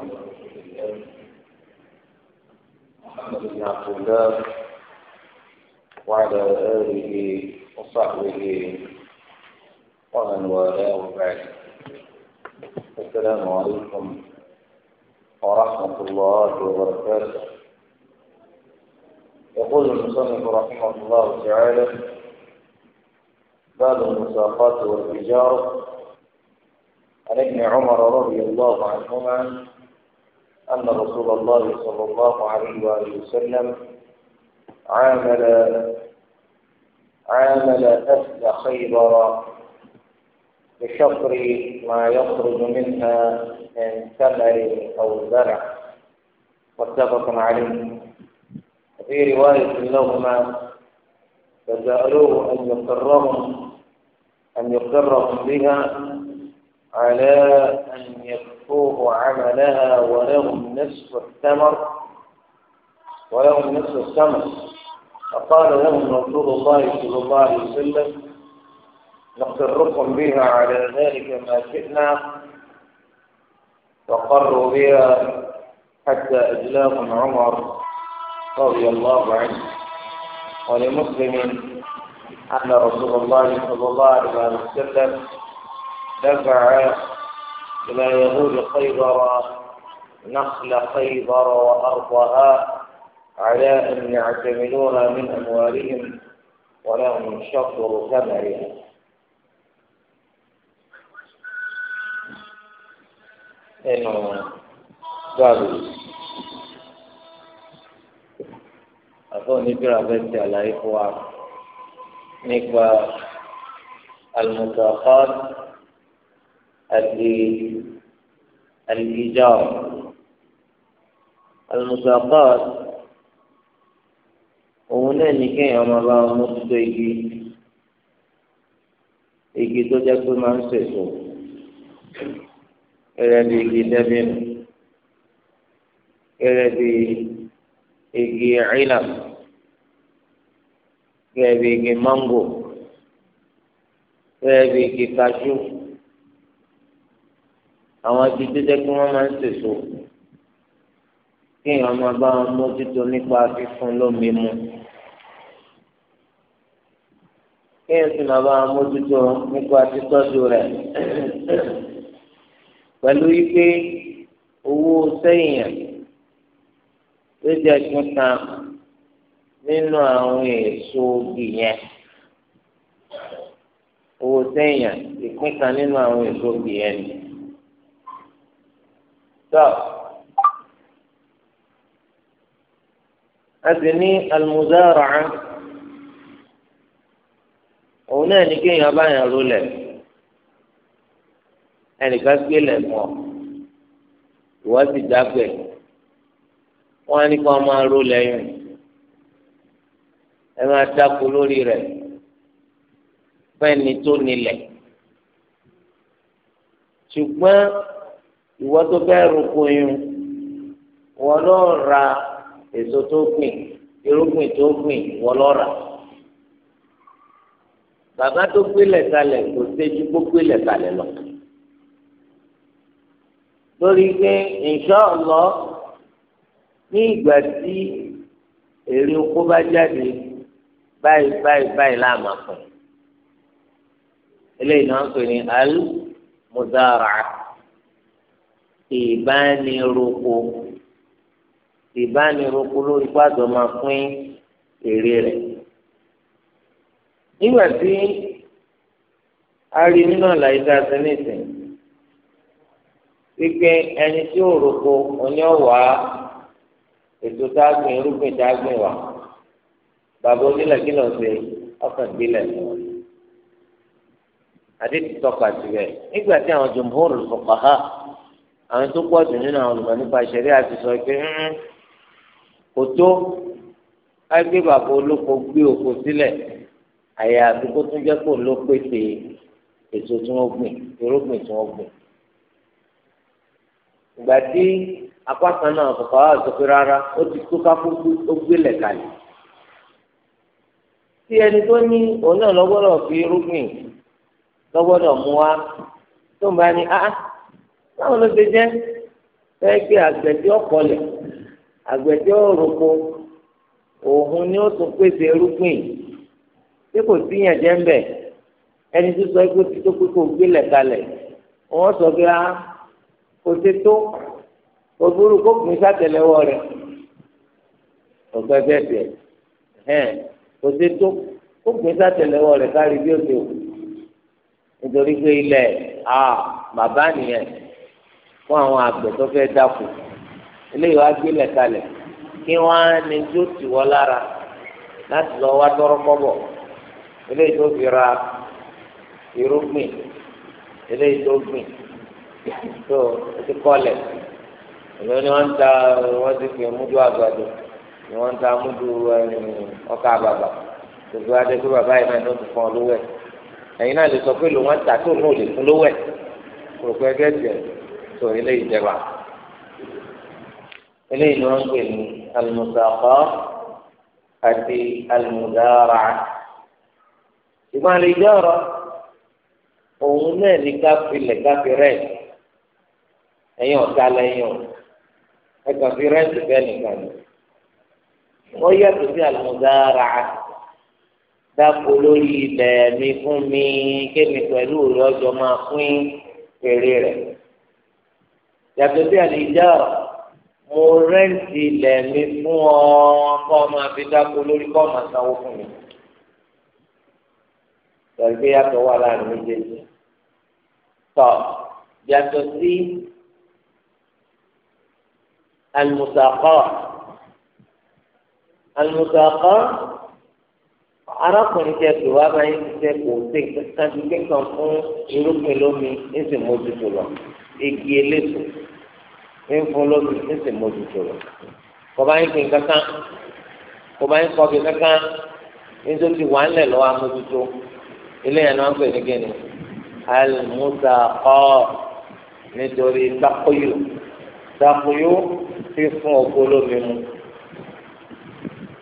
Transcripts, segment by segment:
محمد رسول الله محمد بن عبد الله وعلى آله وصحبه ومن والاه بعد السلام عليكم ورحمة الله وبركاته يقول المصنف رحمه الله تعالى باب المساقات والتجارة عن ابن عمر رضي الله عنهما أن رسول الله صلى الله عليه وآله وسلم عامل عامل أهل خيبر بشطر ما يخرج منها من ثمر أو زرع متفق عليه وفي رواية لهما فسألوه أن يقرهم أن يقرهم بها على أن يكون يحصوه عملها ولهم نصف الثمر ولهم نصف الثمر فقال لهم رسول الله صلى الله عليه وسلم نقركم بها على ذلك ما شئنا وقروا بها حتى أجلاهم عمر رضي الله عنه ولمسلم أن رسول الله صلى الله عليه وسلم دفع إلى يهود خيبر نخل خيبر وأرضها على أن يعتمدوها من أموالهم ولهم شطر ثمرها إنه قالوا أقول نجرى بنت على إخوان نكبر المتأخر الإيجار المساقات òun náà ní kéèyàn máa bá wọn mójútó igi igi tó jẹ́ pé máa ń sèso gẹ́gẹ́ bí igi dẹbìnú gẹ́gẹ́ bí igi ìlà gẹ́gẹ́ bí igi mángò gẹ́gẹ́ bí igi kajú àwọn igi dídẹ́ kí wọ́n máa ń sèso kéèyàn máa bá wọn mójútó nípa fífún lómi mu kéèyàn sì máa bá wọn mójútó nípa títọ́jú rẹ̀ pẹ̀lú wípé owó sẹ́yìn ló jẹ́ kíkan nínú àwọn èso ogi yẹn owó sẹ́yìn ìpín kan nínú àwọn èso ogi yẹn ni tọ́ a sì ní almuzara'a òun náà ní kéèyàn báyàn rólẹ̀ ẹnìkan gbélé mọ́ ìwọ́n sì dágbẹ̀ wọ́n á ní kí wọ́n máa rólẹ̀ yìí ẹ máa dáko lórí rẹ̀ fẹ́ni tó nílẹ̀ ṣùgbọ́n ìwọ tó fẹ́ roko irun wọn lọ ra èso tó gbìn irúgbìn tó gbìn wọn lọ rà bàbá tó gbélé kalẹ̀ kò séjú kó gbélé kalẹ̀ lọ lórí pé ìṣọ́ọ̀lọ́ ní ìgbà tí èrè oko bá jáde báyìí báyìí báyìí láàmà pẹ̀ eléyìí náà ń pè ní al mudara ìbániroko ìbániroko lórí pàdé máa pín èrè rẹ̀ nígbà tí a rí nínú àlàyé tá a ti nìsín wípé ẹni tí ó roko oní ọ̀wá ètò tá a gbìn irúgbìn tá a gbìn wá bàbá onílẹ̀ kí ló ń ọkàn ìbílẹ̀ ni wọn. adé ti tọ́ka síbẹ̀ nígbà tí àwọn jùmọ̀hóòrò fọkàn hàn àwọn tó pọ̀ jù nínú àwọn olùmọ̀ nípa ìṣẹ̀rí àti sọ pé kò tó kágbé bàbá olóko gbé oko sílẹ̀ àyà àti kó tún jẹ́ kó ló pèsè èso tí wọ́n gbìn irúgbìn tí wọ́n gbìn. ìgbà tí apákan náà kò kọ́ àwọn sọ rárá ó ti tó kápó ó gbélé kalẹ̀. tí ẹni tó ní òun náà lọ́gbọ́dọ̀ fi irúgbìn lọ́gbọ́dọ̀ mú wa tó ń bá ní áá báwo ló ṣe jẹ́ fẹ́ pé àgbẹ̀dẹ ọ̀kọlẹ̀ àgbẹ̀dẹ òrùkọ òun ni ó tún pèsè irúgbìn tí kò sí yẹn jẹ́ ń bẹ̀ ẹni tó sọ pé tó pé kò gbélẹ̀ kalẹ̀ wọ́n sọ pé á ah, kò ṣe tó òbúrú kó gbìn sátẹlẹwọ rẹ̀ ọgbẹ bẹ́ẹ̀ bẹ́ẹ̀ hẹn kò ṣe tó kó gbìn sátẹlẹwọ rẹ̀ kárí bí ó ṣe wù nítorí pé ilẹ̀ a ah, bàbá nìyẹn. fún àwọn àgbẹ̀ tó fẹ́ dáko eléyìí wá gbélé kalẹ̀ kí wọ́n á ní tó tì lára láti lọ wá tọrọ kọ́bọ̀ eléyìí tó fi ra irúgbìn eléyìí tó gbìn tó o ti kọ́lẹ̀ èlò ni wọ́n ń ta wọ́n ti fi àgbàdo ni wọ́n ń ta eh, ọkà adé bàbá yìí náà ti tó eléyìí jẹba eléyìí ni wọn ń pè ní alimusafa àti alimudara ìmọ̀ àlejòrò òun náà ní káfílẹ̀ káfírẹ̀ ẹ̀yìn ọ̀tá lẹ́yìn ẹ̀kan fi rẹ́ǹtì bẹ́ẹ̀ nìkan ni wọ́n yàtọ̀ sí àlùmọ́dára dáko lórí ilẹ̀ mi fún mi kémi pẹ̀lú òòlù ọjọ́ máa pín èrè rẹ̀ yàtọ̀ sí àlejò mo rẹ́ǹtì ilẹ̀ mi fún ọ kọ́ máa fi dáko lórí kọ́ máa sanwó fún mi gbàgbé yàtọ̀ wà láàrin méjèèjì tọ́ yàtọ̀ sí alùsàkọ́ alùsàkọ́ arákùnrin tẹ pé wàá bá yín tẹ kò sí kankan fún irúgbìn lómi ń sì mójútó lọ igi eléso ń fún lóbi ń sì mójútó rẹ̀ kọba ń pin kankan kọba ń kọbi kankan nítorí ti wà ńlẹ̀ lọ́wọ́ amójútó eléyàn náà ń pè ní gẹ́ni alimusa ọ nítorí takoyo takoyo fífún ọkọ lómi mu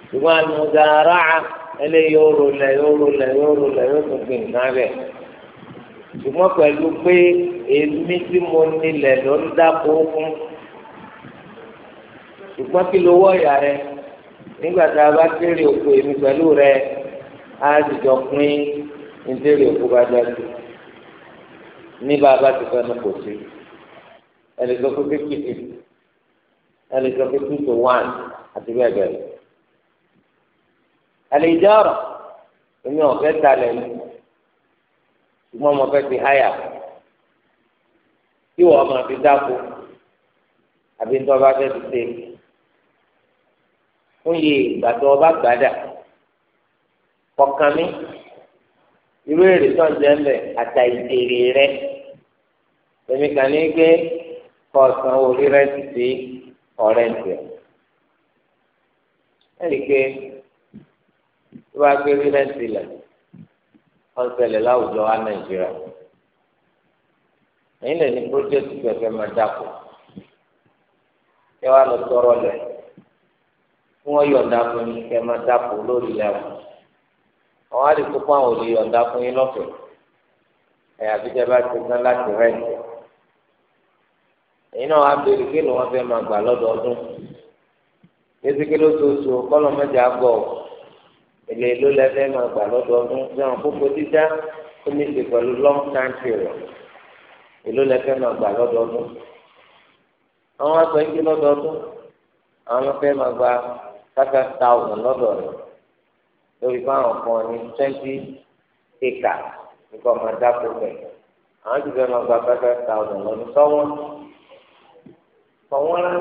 ṣùgbọ́n alimusa ráà eléyìí yóò rolẹ̀ yóò rolẹ̀ yóò rolẹ̀ yóò tún gbìn náà rẹ̀ ṣùgbọ́n pẹ̀lú pé èmi tí mo nílẹ̀ ló ń dáko fún ṣùgbọ́n kí ló wọ́ ìyá rẹ nígbà tá a bá kéré òkú èmi pẹ̀lú rẹ á dìjọ pín nítorí òkú bá dájú ní bàbá ti fẹ́ nu kò sí ẹnìkan kó kékeré ẹnìkan kó two to one àti bẹ́ẹ̀ bẹ́ẹ̀ lọ. àlè ìjà ọ̀rọ̀ èmi ò fẹ́ talẹ̀ ní ṣùgbọ́n mo fẹ́ ti háyà kí wọ́n máa fi dáko àbí tí wọ́n bá fẹ́ ti ṣe fún iye ìgbà tó ọba gbàdà kọkàn mi irú èrè tó ń jẹ ń bẹ àtà ìdèrè rẹ èmi kàn ní pé kọ ọsàn orí rẹ ti di ọ̀rẹ́ ntẹ ẹnì pé tó bá gbé rí rẹǹtì lẹ wọn ṣẹlẹ̀ láwùjọ wa nàìjíríà ẹ̀yin lè ní pírójẹkìtì máa dàpọ̀ ẹ wá lọ tọrọ lẹ kí wọ́n yọ̀ǹda fún yín kẹ́ máa dàpọ̀ lórí ilẹ̀ àwọn àwọn àdìpọ̀ fún àwọn olè yọ̀ǹda fún yín lọ́fẹ̀ẹ́ ẹ̀yà àbíjẹ́ bá ti tán láti rẹ́ǹtì èyí náà wá béèrè kí ló wọ́n fẹ́ máa gbà lọ́dọọdún ezike lóṣooṣù kọ́lọ̀ mẹ́jọ àgọ́ èlé ló lẹ́fẹ́ máa gbà lọ́dọọdún fẹ́ràn púpọ̀ dídá ó ní ṣe pẹ̀lú long time period èló lẹ́fẹ́ máa gbà lọ́dọọdún àwọn akọ̀ ń gbé lọ́dọọdún àwọn fẹ́ máa gbà káfẹ́ thousand lọ́dọ̀ rẹ̀ lórí fáwọn kan ní twenty acre nípa ọmọ dáko bẹ̀ àwọn ti fẹ́ lọ gba káfẹ́ thousand lọ́dọ̀ sọ́wọ́ sọ́wọ́ rẹ̀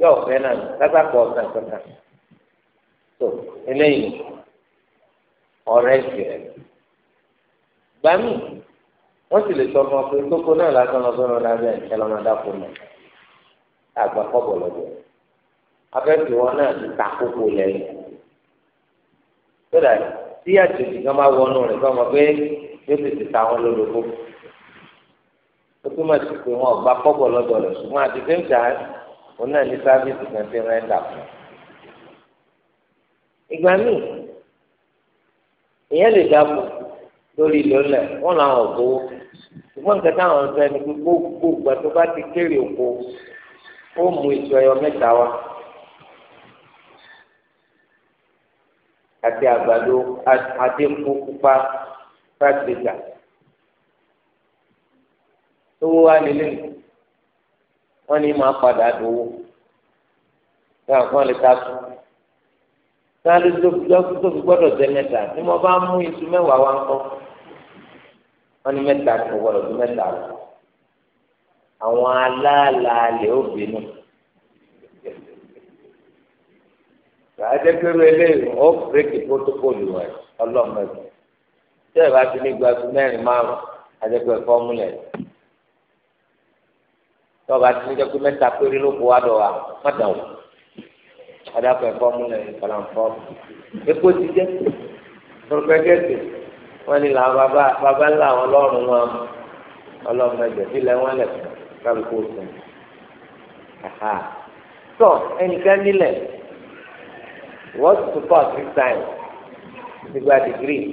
yóò fẹ́ náà lágbàgbọ́ ọ̀sán kankan tó eléyìí ọ̀rẹ́ ìṣẹ̀lẹ̀ gbàmí wọ́n sì lè sọ fún ọ pé kókó náà lásán lọ́sọ̀rọ̀ lábẹ́ ẹ̀ lọ́mọdé àpò náà àgbà kọ́bọ̀ lọ́dọ̀ rẹ̀ afẹ́fẹ́ wọn náà ti ta kókó lẹ́yìn sódà tí àjèjì kan bá wọnú rẹ̀ fún ọmọ pé yóò tètè ta wọn lólobó ó tún mọ̀ sí pé wọn ò gba kọ́bọ̀ lọ́dọ̀ rẹ̀ ṣùgbọ́n àti fẹ́ǹtà òun náà ní sáfíìsì kan ti rẹ́ńdà fún ìgbà míì ìyẹn lè dáàbò lórí ìlọlẹ̀ wọn làwọn ò gbowó nǹkan táwọn ń sọ ẹni pé gbogbo ìgbà tó bá ti kéré òkú ó mú ìṣọ ẹyọ mẹ́ta wá. àti àgbàdo àti epo pupa five litre owó wa nílé wọn ní máa padà dòwó ní àwọn lè ta tù sáájú tó fi gbọ́dọ̀ jẹ mẹ́ta tí mo bá mú iṣu mẹ́wàá wá ń kọ wọn ní mẹ́ta kò gbọ́dọ̀ ju mẹ́ta àwọn aláàlá lè ó bínú. àjẹkẹrù eléyìí ó bírèkì pótókòlù rẹ ọlọmọdé tí ẹ bá ti ní gbàgbé mẹ́rin márùn àjẹkẹrù fọmúlẹ tí ọba ti ní jẹkú mẹ́ta péré ló kó wádọ wa mọta wò adakọ ẹ fọmúlẹ ìfọlànfọ epo ti jẹ pọrọpẹgẹtì wọn ni làwọn bàbá bàbá ńlá àwọn ọlọ́run wọn ọlọmọdé ilẹ̀ wọn lẹ kálukú sùn tó ẹnìkan nílẹ̀ wọ́n ti tún pọ̀ three nígbà degree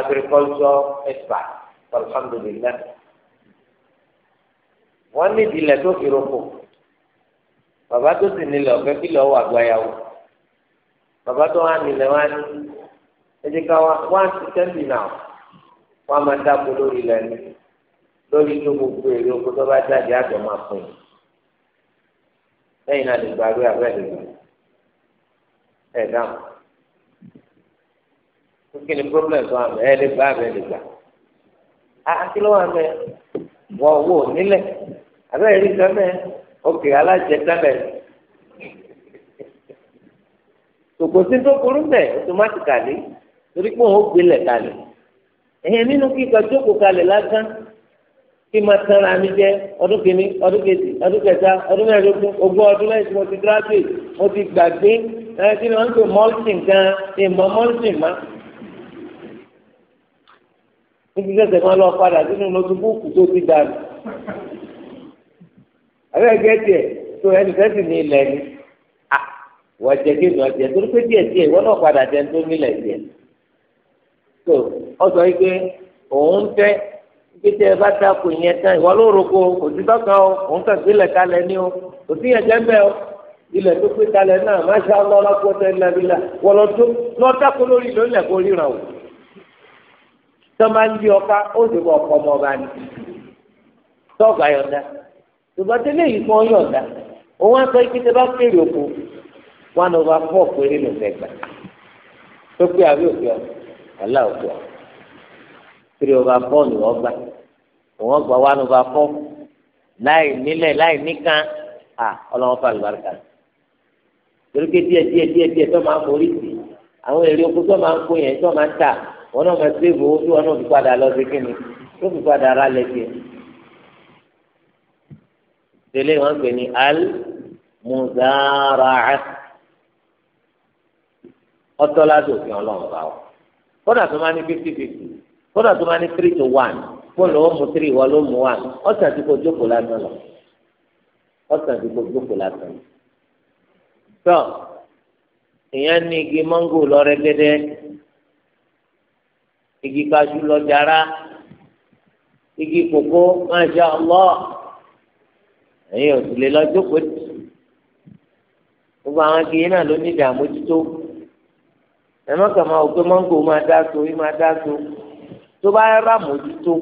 agriculture expert alhamdulilayi wọ́n ní ìdílẹ̀ tó fi roko bàbá tó sì nílẹ̀ ọ̀fẹ́ kí lọ́ọ́ wà gbáyàwó bàbá tó wà nílẹ̀ wá ní ẹ̀jẹ̀ ká wá sí tẹ́ǹtì náà wọ́n á máa dáko lórí ilẹ̀ ní lórí tó gbogbo èrè oko tó bá jáde àjọ máa pín in lẹ́yìn náà lè gbàgbé àbẹ́ẹ̀lẹ̀ ẹ dáhùn kí ni problem tó lè lè gbà wọ owó nílẹ̀ ẹ̀rí òkè tó automatically torí pé òun ó gbilẹ̀ kalẹ̀ nínú kíkọ jókòó kalẹ̀ lásán kí máa tẹ́ra mi jẹ́ ọdún kìíní ọdún kejì ọdún kẹta ọdún mẹ́rin ogún ogún ọdún tí mo ti graduate mo ti gbàgbé ẹ kí ni wọ́n ń pè mọ́lítìn gan ìmọ̀ mọ́lítìn má. níbi kẹsẹ̀ máa lọ padà sínú notibúùkù tó ti dànù. àbẹ́ gẹ́tì ẹ̀ tó ẹni fẹ́sì ní ilẹ̀ ni wọ́n jẹ kí ni wọ́n jẹ torí pé díẹ̀ díẹ̀ wọ́n náà padà jẹ tó nílẹ̀ díẹ̀. tó ọ̀sọ̀ yìí pé òun fẹ́ pété bá dáko yẹn tán ìwọ ló roko òtítọ́ kan o òun kàn sílẹ̀ kalẹ̀ ní o òtí yẹn jẹ́ bẹ́ẹ̀ o ilẹ̀ tó pé kalẹ̀ náà máṣá ọlọ́lá pọ́tẹ́ nàbílà wọlọ́dún lọ́dàkó lórí lónìí ẹ̀kọ́ ríran o tọ́ba ń di ọ̀ka ó sì bọ̀ ọkọ̀ ọmọ ọba ni tọ́ọ̀gá yọ̀ǹda ṣùgbọ́n tẹ́lẹ̀ yìí kan yọ̀ǹda òun á sọ ike tẹ́ bá kéré oko wọn ò bá fọ́ péré ló fẹ́ gbà tó pé àbí òkè ọ̀ ọ̀là òkè ọ̀ three over ni wọ́n gbà wọ́n gbà one over four láì nílẹ̀ láì níkan ọlọ́wọ́n fà lùbáríkà torí pé díẹ̀ díẹ̀ díẹ̀ díẹ̀ tó máa ń forí sí àwọn èrè oko tó máa ń kó yẹn tó máa ń tà wọn náà máa ṣe ìbò tí wọn náà fi padà lọ sí kíni tó fi padà ra lẹ́sẹ̀. tẹ̀lé wọn pè ní al muzara'a ọtọ́ láti òfin ọlọ́run bá wọn kódà tó máa ní fifty fifty kódà tó máa ní three to one fóònù ó mu three ìwọ ló mu one ọ̀sán tí kò jókòó lásán lọ ọ̀sán tí kò jókòó lásán lọ tọ́ èèyàn ní igi mọ́ngò lọ́rẹ́gẹ́dẹ́ igi kaṣu lọ́jàrá igi kòkó masha Allah ẹ̀yin ò sì lè lọ jókòó tì gbogbo àwọn igi yìí náà ló ní ìdààmú tító ẹ má kà máa wò pé mọ́ngò máa dá so yìí máa dá so tó bá rà mójútó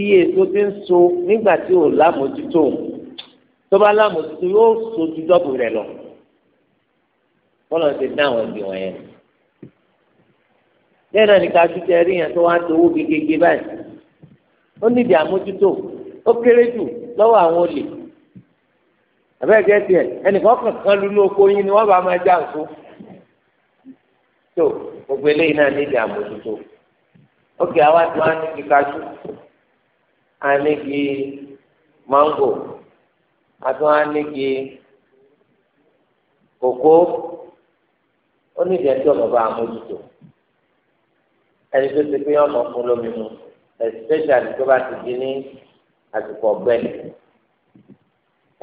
iye èso ti ń so nígbà tí ò lámójútó tó bá lámójútó yóò so ju dọ́bù rẹ̀ lọ bọ́lọ̀ ti dá àwọn ibi wọ̀nyẹn. lẹ́yìn náà ni ká tún tẹ rí yẹn tó wá tó owó gegege báyìí ó nídìí àmójútó ó kéré jù lọ́wọ́ àwọn olè àbẹ́ẹ̀gẹ́ tiẹ̀ ẹnìkan kankan lu ní oko yín ni wọ́n bá máa já nǹkó tó gbogbo eléyìí náà nídìí àmójútó ókè àwa tí wọ́n á ní kíka á ní mango àti wọ́n á ní kòkó ó ní ìdí ẹjọ́ bàbá àmójútó ẹni tó ti pé ọmọ fún lómi mu especially tó bá ti di ní àsìkò ọ̀gbẹ́ni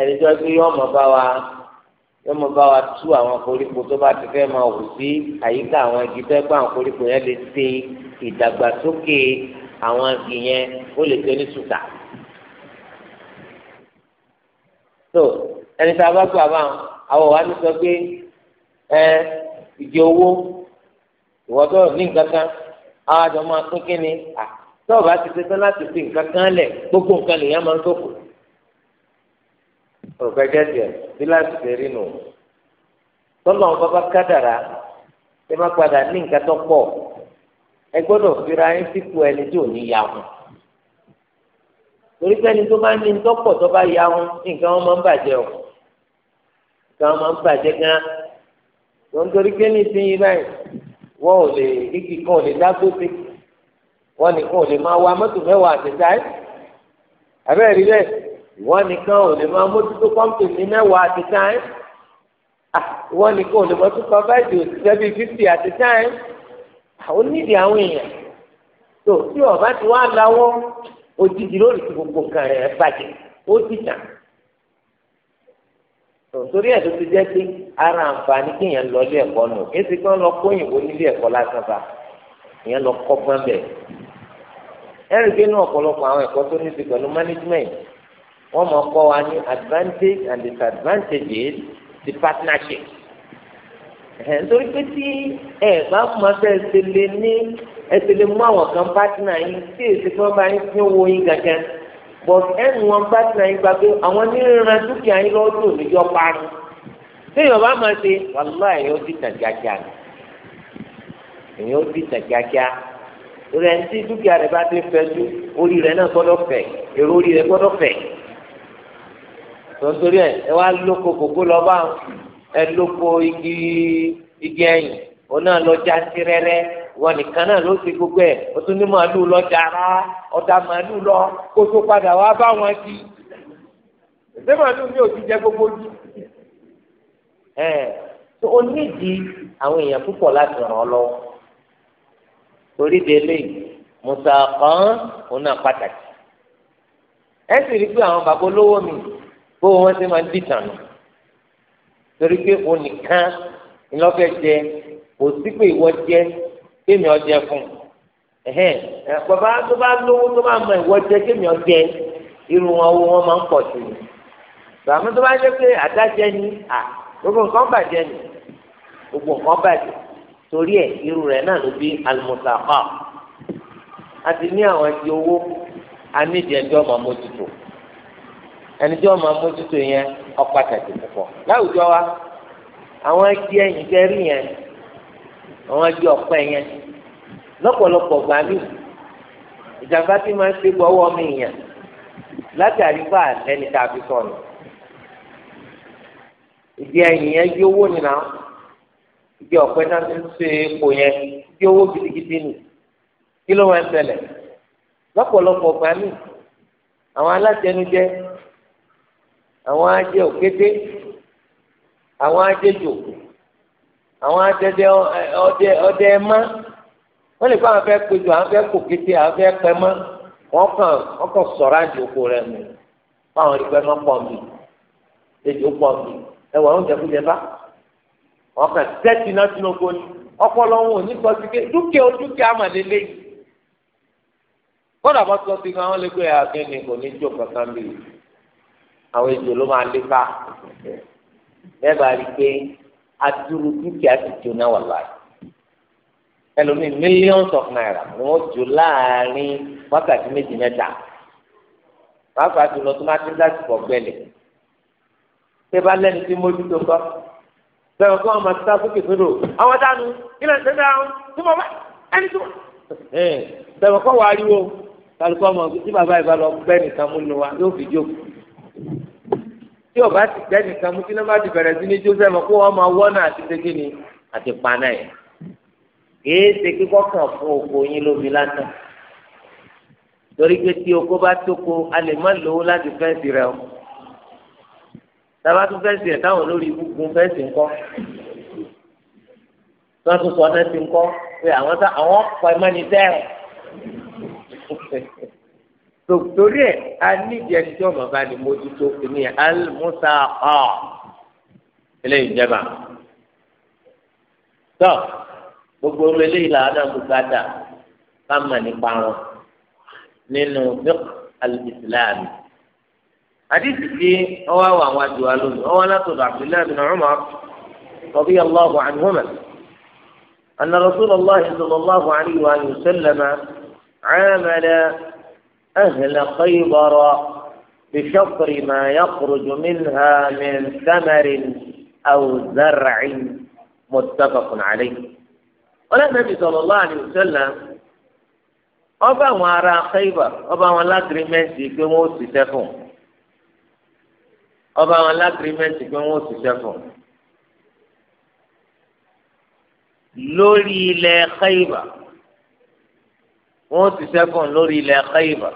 ẹni tó pé ọmọ bá wa yọmọ bá wa tú àwọn koríko tó bá ti fẹ́ máa wù sí àyíká àwọn igi tó ẹgbẹ́ àwọn koríko yẹn lè ṣe ìdàgbàsókè àwọn igi yẹn ó lè ṣe ní sùtà. so ẹni tá a bá gbà bá àwọn wa ní sọ pé ẹ ìdí owó ìwọ́tọ̀ ní nǹkan kan àwọn àjọ máa pín kínní à tọ́ọ̀bù á ti ṣe tán láti fi nǹkan kan lẹ̀ gbogbo nǹkan lèèyàn máa ń sòkò. ọ̀pẹ gẹ́gẹ́ bí láti ṣe rí nù. tọ́lọ̀ ń bábá kádàrá ṣe má padà ní nǹkan tó pọ̀ ẹ gbọ́dọ̀ fira yín sípò ẹni tí ò ní ya wọn. torí pé ẹni tó bá ní tọ́pọ̀ tó bá ya wọn nǹkan wọn máa ń bàjẹ́ o nǹkan wọn máa ń bàjẹ́ gan-an tó ń torí pé nísìnyí báyìí wọn ò lè igi kan ò lè dágbóse wọn nìkan ò lè máa wa mọ́tò mẹ́wàá àtẹ̀já ẹ̀ abẹ́rẹ́ rí bẹ́ẹ̀ wọn nìkan ò lè máa mójútó pọ́ǹpì ní mẹ́wàá àtẹ̀já ẹ̀ wọn nìkan ò lè mọ́tò pàbáìdì òṣìṣẹ́ bíi fífì àtẹ̀já ẹ̀ àwọn onídìí àwọn èèyàn tó tí ọba ti wá láwọ́ òjijì lórí ti gbogbo kan rẹ̀ bàjẹ́ ó ti tàn torí ẹ̀ tó ti jẹ́ pé ara àǹfààní kí èèyàn lọ ilé ẹ̀kọ́ nù èsì kí wọ́n lọ kó òyìnbó nílé ẹ̀kọ́ lásán fa èèyàn lọ kọ́ gbọ́n bẹ̀. ẹ̀rì pé ní ọ̀pọ̀lọpọ̀ àwọn ẹ̀kọ́ tó ní ti pẹ̀lú management wọ́n mọ̀ kọ́ wa ní advantage and disadvantages ti partnership. ẹ̀ nítorí pé tí ẹ̀ bá mọ ṣe ẹsẹ̀ lé ní ẹsẹ̀ lé mú àwọn kan partner yín tí èsì kí wọ́n bá yín fi wo yín gàgán but ẹnu wọn pátínà yín gba pé àwọn níran dúkìá yín lọ́wọ́ tó níjọ́ parun téèyàn bá máa ṣe wàhálà èèyàn di tàn kíákíá ni èèyàn di tàn kíákíá rẹ̀ ń tí dúkìá rẹ̀ bá ti fẹ́ ju orí rẹ̀ náà gbọ́dọ̀ fẹ̀ èrò orí rẹ̀ gbọ́dọ̀ fẹ̀ tontori ẹ ẹ wá lóko kòkó lọ bá ẹ lóko igi igi ẹyìn ọ náà lọ já sí rẹrẹ wọn nìkan náà ló ṣe gbogbo ẹ o tún ní màálù lọ dára ọ̀dà màálù lọ kó tó padà wá bá wọn di ṣé màálù mi ò ti jẹ gbogbo jù ẹ tó o nídìí àwọn èèyàn púpọ̀ láti ràn ọ́ lọ́wọ́ torí délé musa kan òun náà pàtàkì ẹ sì rí i pé àwọn bàbá olówó mi bó wọn ṣe máa ń dìtàn nù torí pé òun nìkan ńlọ́fẹ̀ẹ́ jẹ kò sí pé ìwọ jẹ kémi ọjẹ fún ẹhẹn bàbá tó bá lówó tó bá mọ ìwọ jẹ kémi ọjẹ irun wọn owó wọn máa ń pọ̀ sí i bàbá tó bá jẹ pé àdájẹ ni à gbogbo nǹkan bàjẹ́ ni gbogbo nǹkan bàjẹ́ torí ẹ̀ irú rẹ̀ náà ló bí alimusafa a ti ní àwọn ti owó anídìí ẹjọ́ máa mójútó ẹnìjọ́ máa mójútó yẹn ó pàtàkì púpọ̀ láwùjọ wa àwọn ẹgbẹ́ ẹ̀yìn kẹrí yẹn àwọn ẹgbẹ́ ọ̀pẹ yẹn lọ́pọ̀lọpọ̀ gbà mí ìjàmbá tí máa ń ṣe gbọ́wọ́ mi yàn látàrí bá ẹni tá a fi sọnù ìdí ẹ̀yìn yẹn yí owó nìyà ìdí ọ̀pẹ náà ti ń ṣe epo yẹn ìdí owó gidigidi nì kí ló máa ń ṣẹlẹ̀ lọ́pọ̀lọpọ̀ gbà àwọn alátẹnujẹ àwọn ajé òkété àwọn ajé àwọn adẹdẹ ọdẹ ọdẹ ẹmá wọn lè kó àwọn fẹ́ péjú àwọn fẹ́ kó kété àwọn fẹ́ pẹ mọ wọn kàn wọn kàn sọ̀rọ̀ àjò oko rẹ mi fáwọn ìgbẹ mọ pọ mi èjò pọ mi ẹwà oúnjẹ kújẹ bá wọn kàn tẹtí náà sínú oko ni ọpọlọ wọn ò ní kọ sí ké dúkìá dúkìá màlélẹ yìí kódà bá sọ sí káwọn lè gbé akéwìn kò ní jó kankan bíi àwọn èjò ló máa lé ká bẹ́ẹ̀ bá rí i pé adúrú dúkìá ti jóná wà láàyè ẹlòmíì millions of naira ni wọ́n jó láàrin wákàtí méjì mẹ́ta pàápàá jùlọ tó máa ti ń dásìkò ọ̀gbẹ́lẹ̀ ṣé bá lẹ́nu tí mójútó kọ́ bẹ́ẹ̀ kọ́ ọmọ tó sókè sódò àwọn dànù kí lè sẹ́dá àwọn tí mo bá ẹni tó. bẹ́ẹ̀ kọ́ wàá rí wo kálukọ́ ọmọ tí bàbá ìbá lọ gbẹ́ nìkan mú ni wa yóò fi jókòó tí ọba ti jẹ́ nìkan mú kí ló bá ti bẹ̀rẹ̀ sí ní joseph kó wọ́n máa wọ́nà àti ṣẹ́gi ni àti paná yẹn kìí ṣe kíkọ́ kàn fún oko yín lómi lásán torí pé tí oko bá tóko a lè má lówó láti fẹ́ǹsì rẹ o tábà tún fẹ́ǹsì rẹ táwọn olórí ibùkún fẹ́ǹsì ńkọ́ tí wọ́n tún sọ ọ́nà sí ńkọ́ pé àwọn ọ̀pọ̀ ẹ̀mọ́ni tẹ́ ẹ̀ torí ẹ̀ a nídìí ẹni tí ọmọ bá ní mójútó ní alimusa ọ eléyìí jẹba tọ gbogbo orí eléyìí làwọn náà bùkátà ká mà nípa wọn nínú fiqh al-islam àdìsí tí ọwọ́ àwọn àwọn àjò alómi ọwọ́ látọ̀dọ̀ abdullahi bin umar radiyallahu anhuma anna rasulillah sallallahu alayhi wa sallam amala. أهل خيبر بشطر ما يخرج منها من ثمر أو زرع متفق عليه ولا النبي صلى الله عليه وسلم ọba àwọn ará Khaybar ọba àwọn lágrímẹ́ǹtì pé wọ́n ó ṣiṣẹ́ fún ọba àwọn lágrímẹ́ǹtì pé wọ́n ó ṣiṣẹ́ fún lórí ilẹ̀ Khaybar wọ́n ó ṣiṣẹ́ fún lórí ilẹ̀ Khaybar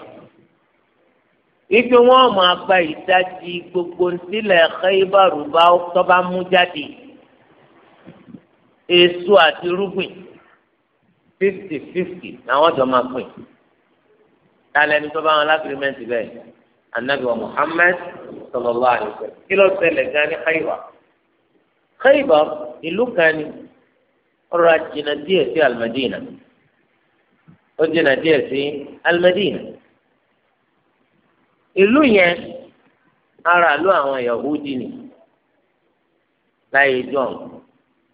ipe wọn máa gba ìdajì gbogbo nílẹ̀ Khaybaru bá tọ́ba mú jáde èso àti irúgbìn fifty fifty làwọn jọ máa pín kálẹ̀ ní tọ́ba wọn lágírímẹ́ǹtì bẹ́ẹ̀ anabi wa Muhammad sallallahu alaihi wasallam kí ló ṣẹlẹ̀ gan ní Khaybar Khaybar ìlú kan ní ọrọ̀ àjìnà díẹ̀ sí al ó jìnà díẹ̀ sí al ìlú yẹn ara ìlú àwọn Yahudi ni láyé john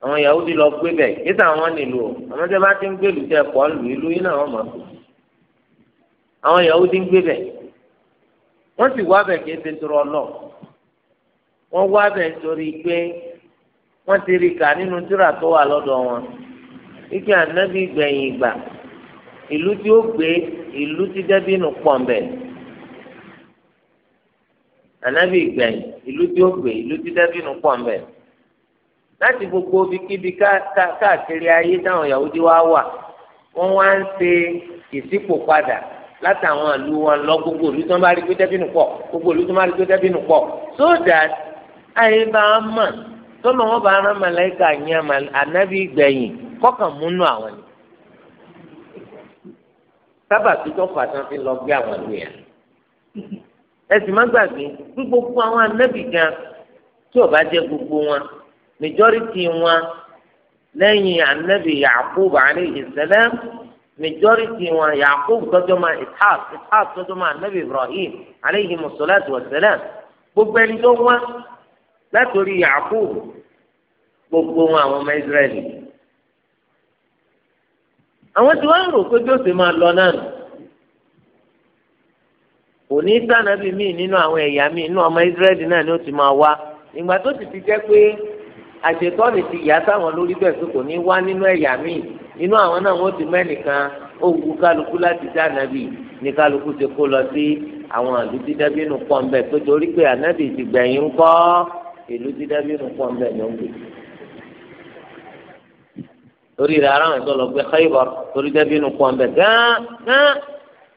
àwọn Yahudi lọ gbé bẹ kíta àwọn nílò àwọn tẹ bá ti ń gbèlú tẹ pọ lù ìlú yìí náà wọn mọ tó àwọn Yahudi ń gbé bẹ wọn sì wá bẹ kí lọ wọn wá bẹ pé wọn ti rí nínú ànábì ìgbẹ̀yìn ìlú tí ó gbé ìlú tí dẹ́bìnú pọ̀ ń bẹ̀. láti gbogbo ibikíbi káàkiri ayé táwọn Yahudi wá wà wọ́n wá ń ṣe ìṣípòpadà látàwọn ìlú wọn lọ gbogbo ìlú tí wọ́n bá rí pé dẹ́bìnú pọ̀ gbogbo ìlú tí wọ́n bá rí pé dẹ́bìnú pọ̀ so that ayé bá wọn mọ̀ tọ́nà wọn bá rán màláìka yẹn ànábì ìgbẹ̀yìn kọ́kàn múnú àwọn ni sábà tó tó fà tán fi lọ gbé àwọn ìlú yẹn ẹsìn má gbàgbé pé gbogbo àwọn anábì gan tí ó bá jẹ́ gbogbo wọn majority wọn lẹ́yìn anábì Yaqub alayhi salam majority wọn Yaqub tọjọ ma Ishaq Ishaq tọjọ ma anábì Ibrahim alayhi salatu wa salam gbogbo ẹni tó wá látòrí Yaqub gbogbo wọn àwọn ọmọ Israẹli àwọn tí wọn rò pé bí ó ṣe máa lọ náà nù kò ní sànàbí míì nínú àwọn ẹ̀yà míì nínú ọmọ Ísírẹ́lì náà ni ó ti máa wá ìgbà tó sì ti jẹ́ pé àṣetọ́ni ti yà sáwọn lórí bẹ́ẹ̀ tó kò ní wá nínú ẹ̀yà míì nínú àwọn náà wọ́n ti mẹ́nìkan ó wu kálukú láti dá ànábì ní kálukú ti kó lọ sí àwọn ìlú tí dábìnú pọ̀ ńbẹ tó torí pé ànábì ti gbẹ̀yìn ń kọ́ ìlú tí dábìnú pọ̀ ńbẹ ló torí rẹ̀ aráwọ̀ ìtọ́lọ̀ pé torí dábìnú pọ̀ ńbẹ gán gán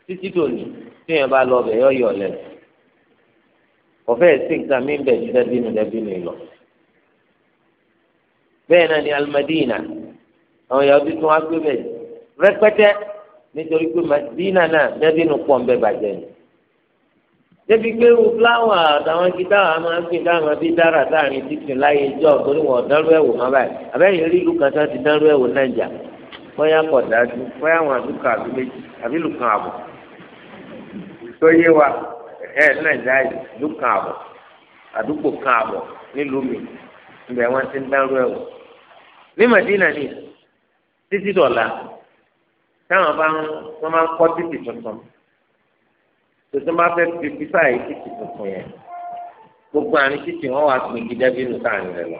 títí tòní tíyẹn bá lọ ọbẹ̀ yọ yọ lẹ́nu ọ̀fẹ́ sí nǹkan mi ń bẹ̀ ju dẹ́bínú dẹ́bínú lọ. bẹ́ẹ̀ náà ni alimadina àwọn yahudi tún wá gbé bẹ̀ rẹpẹtẹ nítorí pé madina náà dẹ́bínú pọ̀ ń bẹ bàjẹ́ ni. débi pé wo fúláwà àtàwọn gita àwọn máa ń gbìn táwọn bí dára sáàrin títún láyé jọ torí wọn dánrú ẹ̀wò má báyìí àbẹ́yìn rí ìlú kan tó ti dánrú ẹ̀wò náà jà bóyá kọ̀ dájú bóyá àwọn àdúkà àbí méjì àbí lùkàn àbọ̀ sọyé wa ẹ nàìjíríà ìlú kan àbọ̀ àdúgbò kan àbọ̀ nílùú mi ibẹ̀ wọ́n ti ń dárú ẹ̀ wò ní Madina ni títí dọ̀la táwọn bá ń wọ́n máa ń kọ́ títì tuntun tuntun bá fẹ́ fi fífà yìí títì tuntun yẹn gbogbo àrùn títì wọn wà pé dídẹ́bínú sáàrin rẹ lọ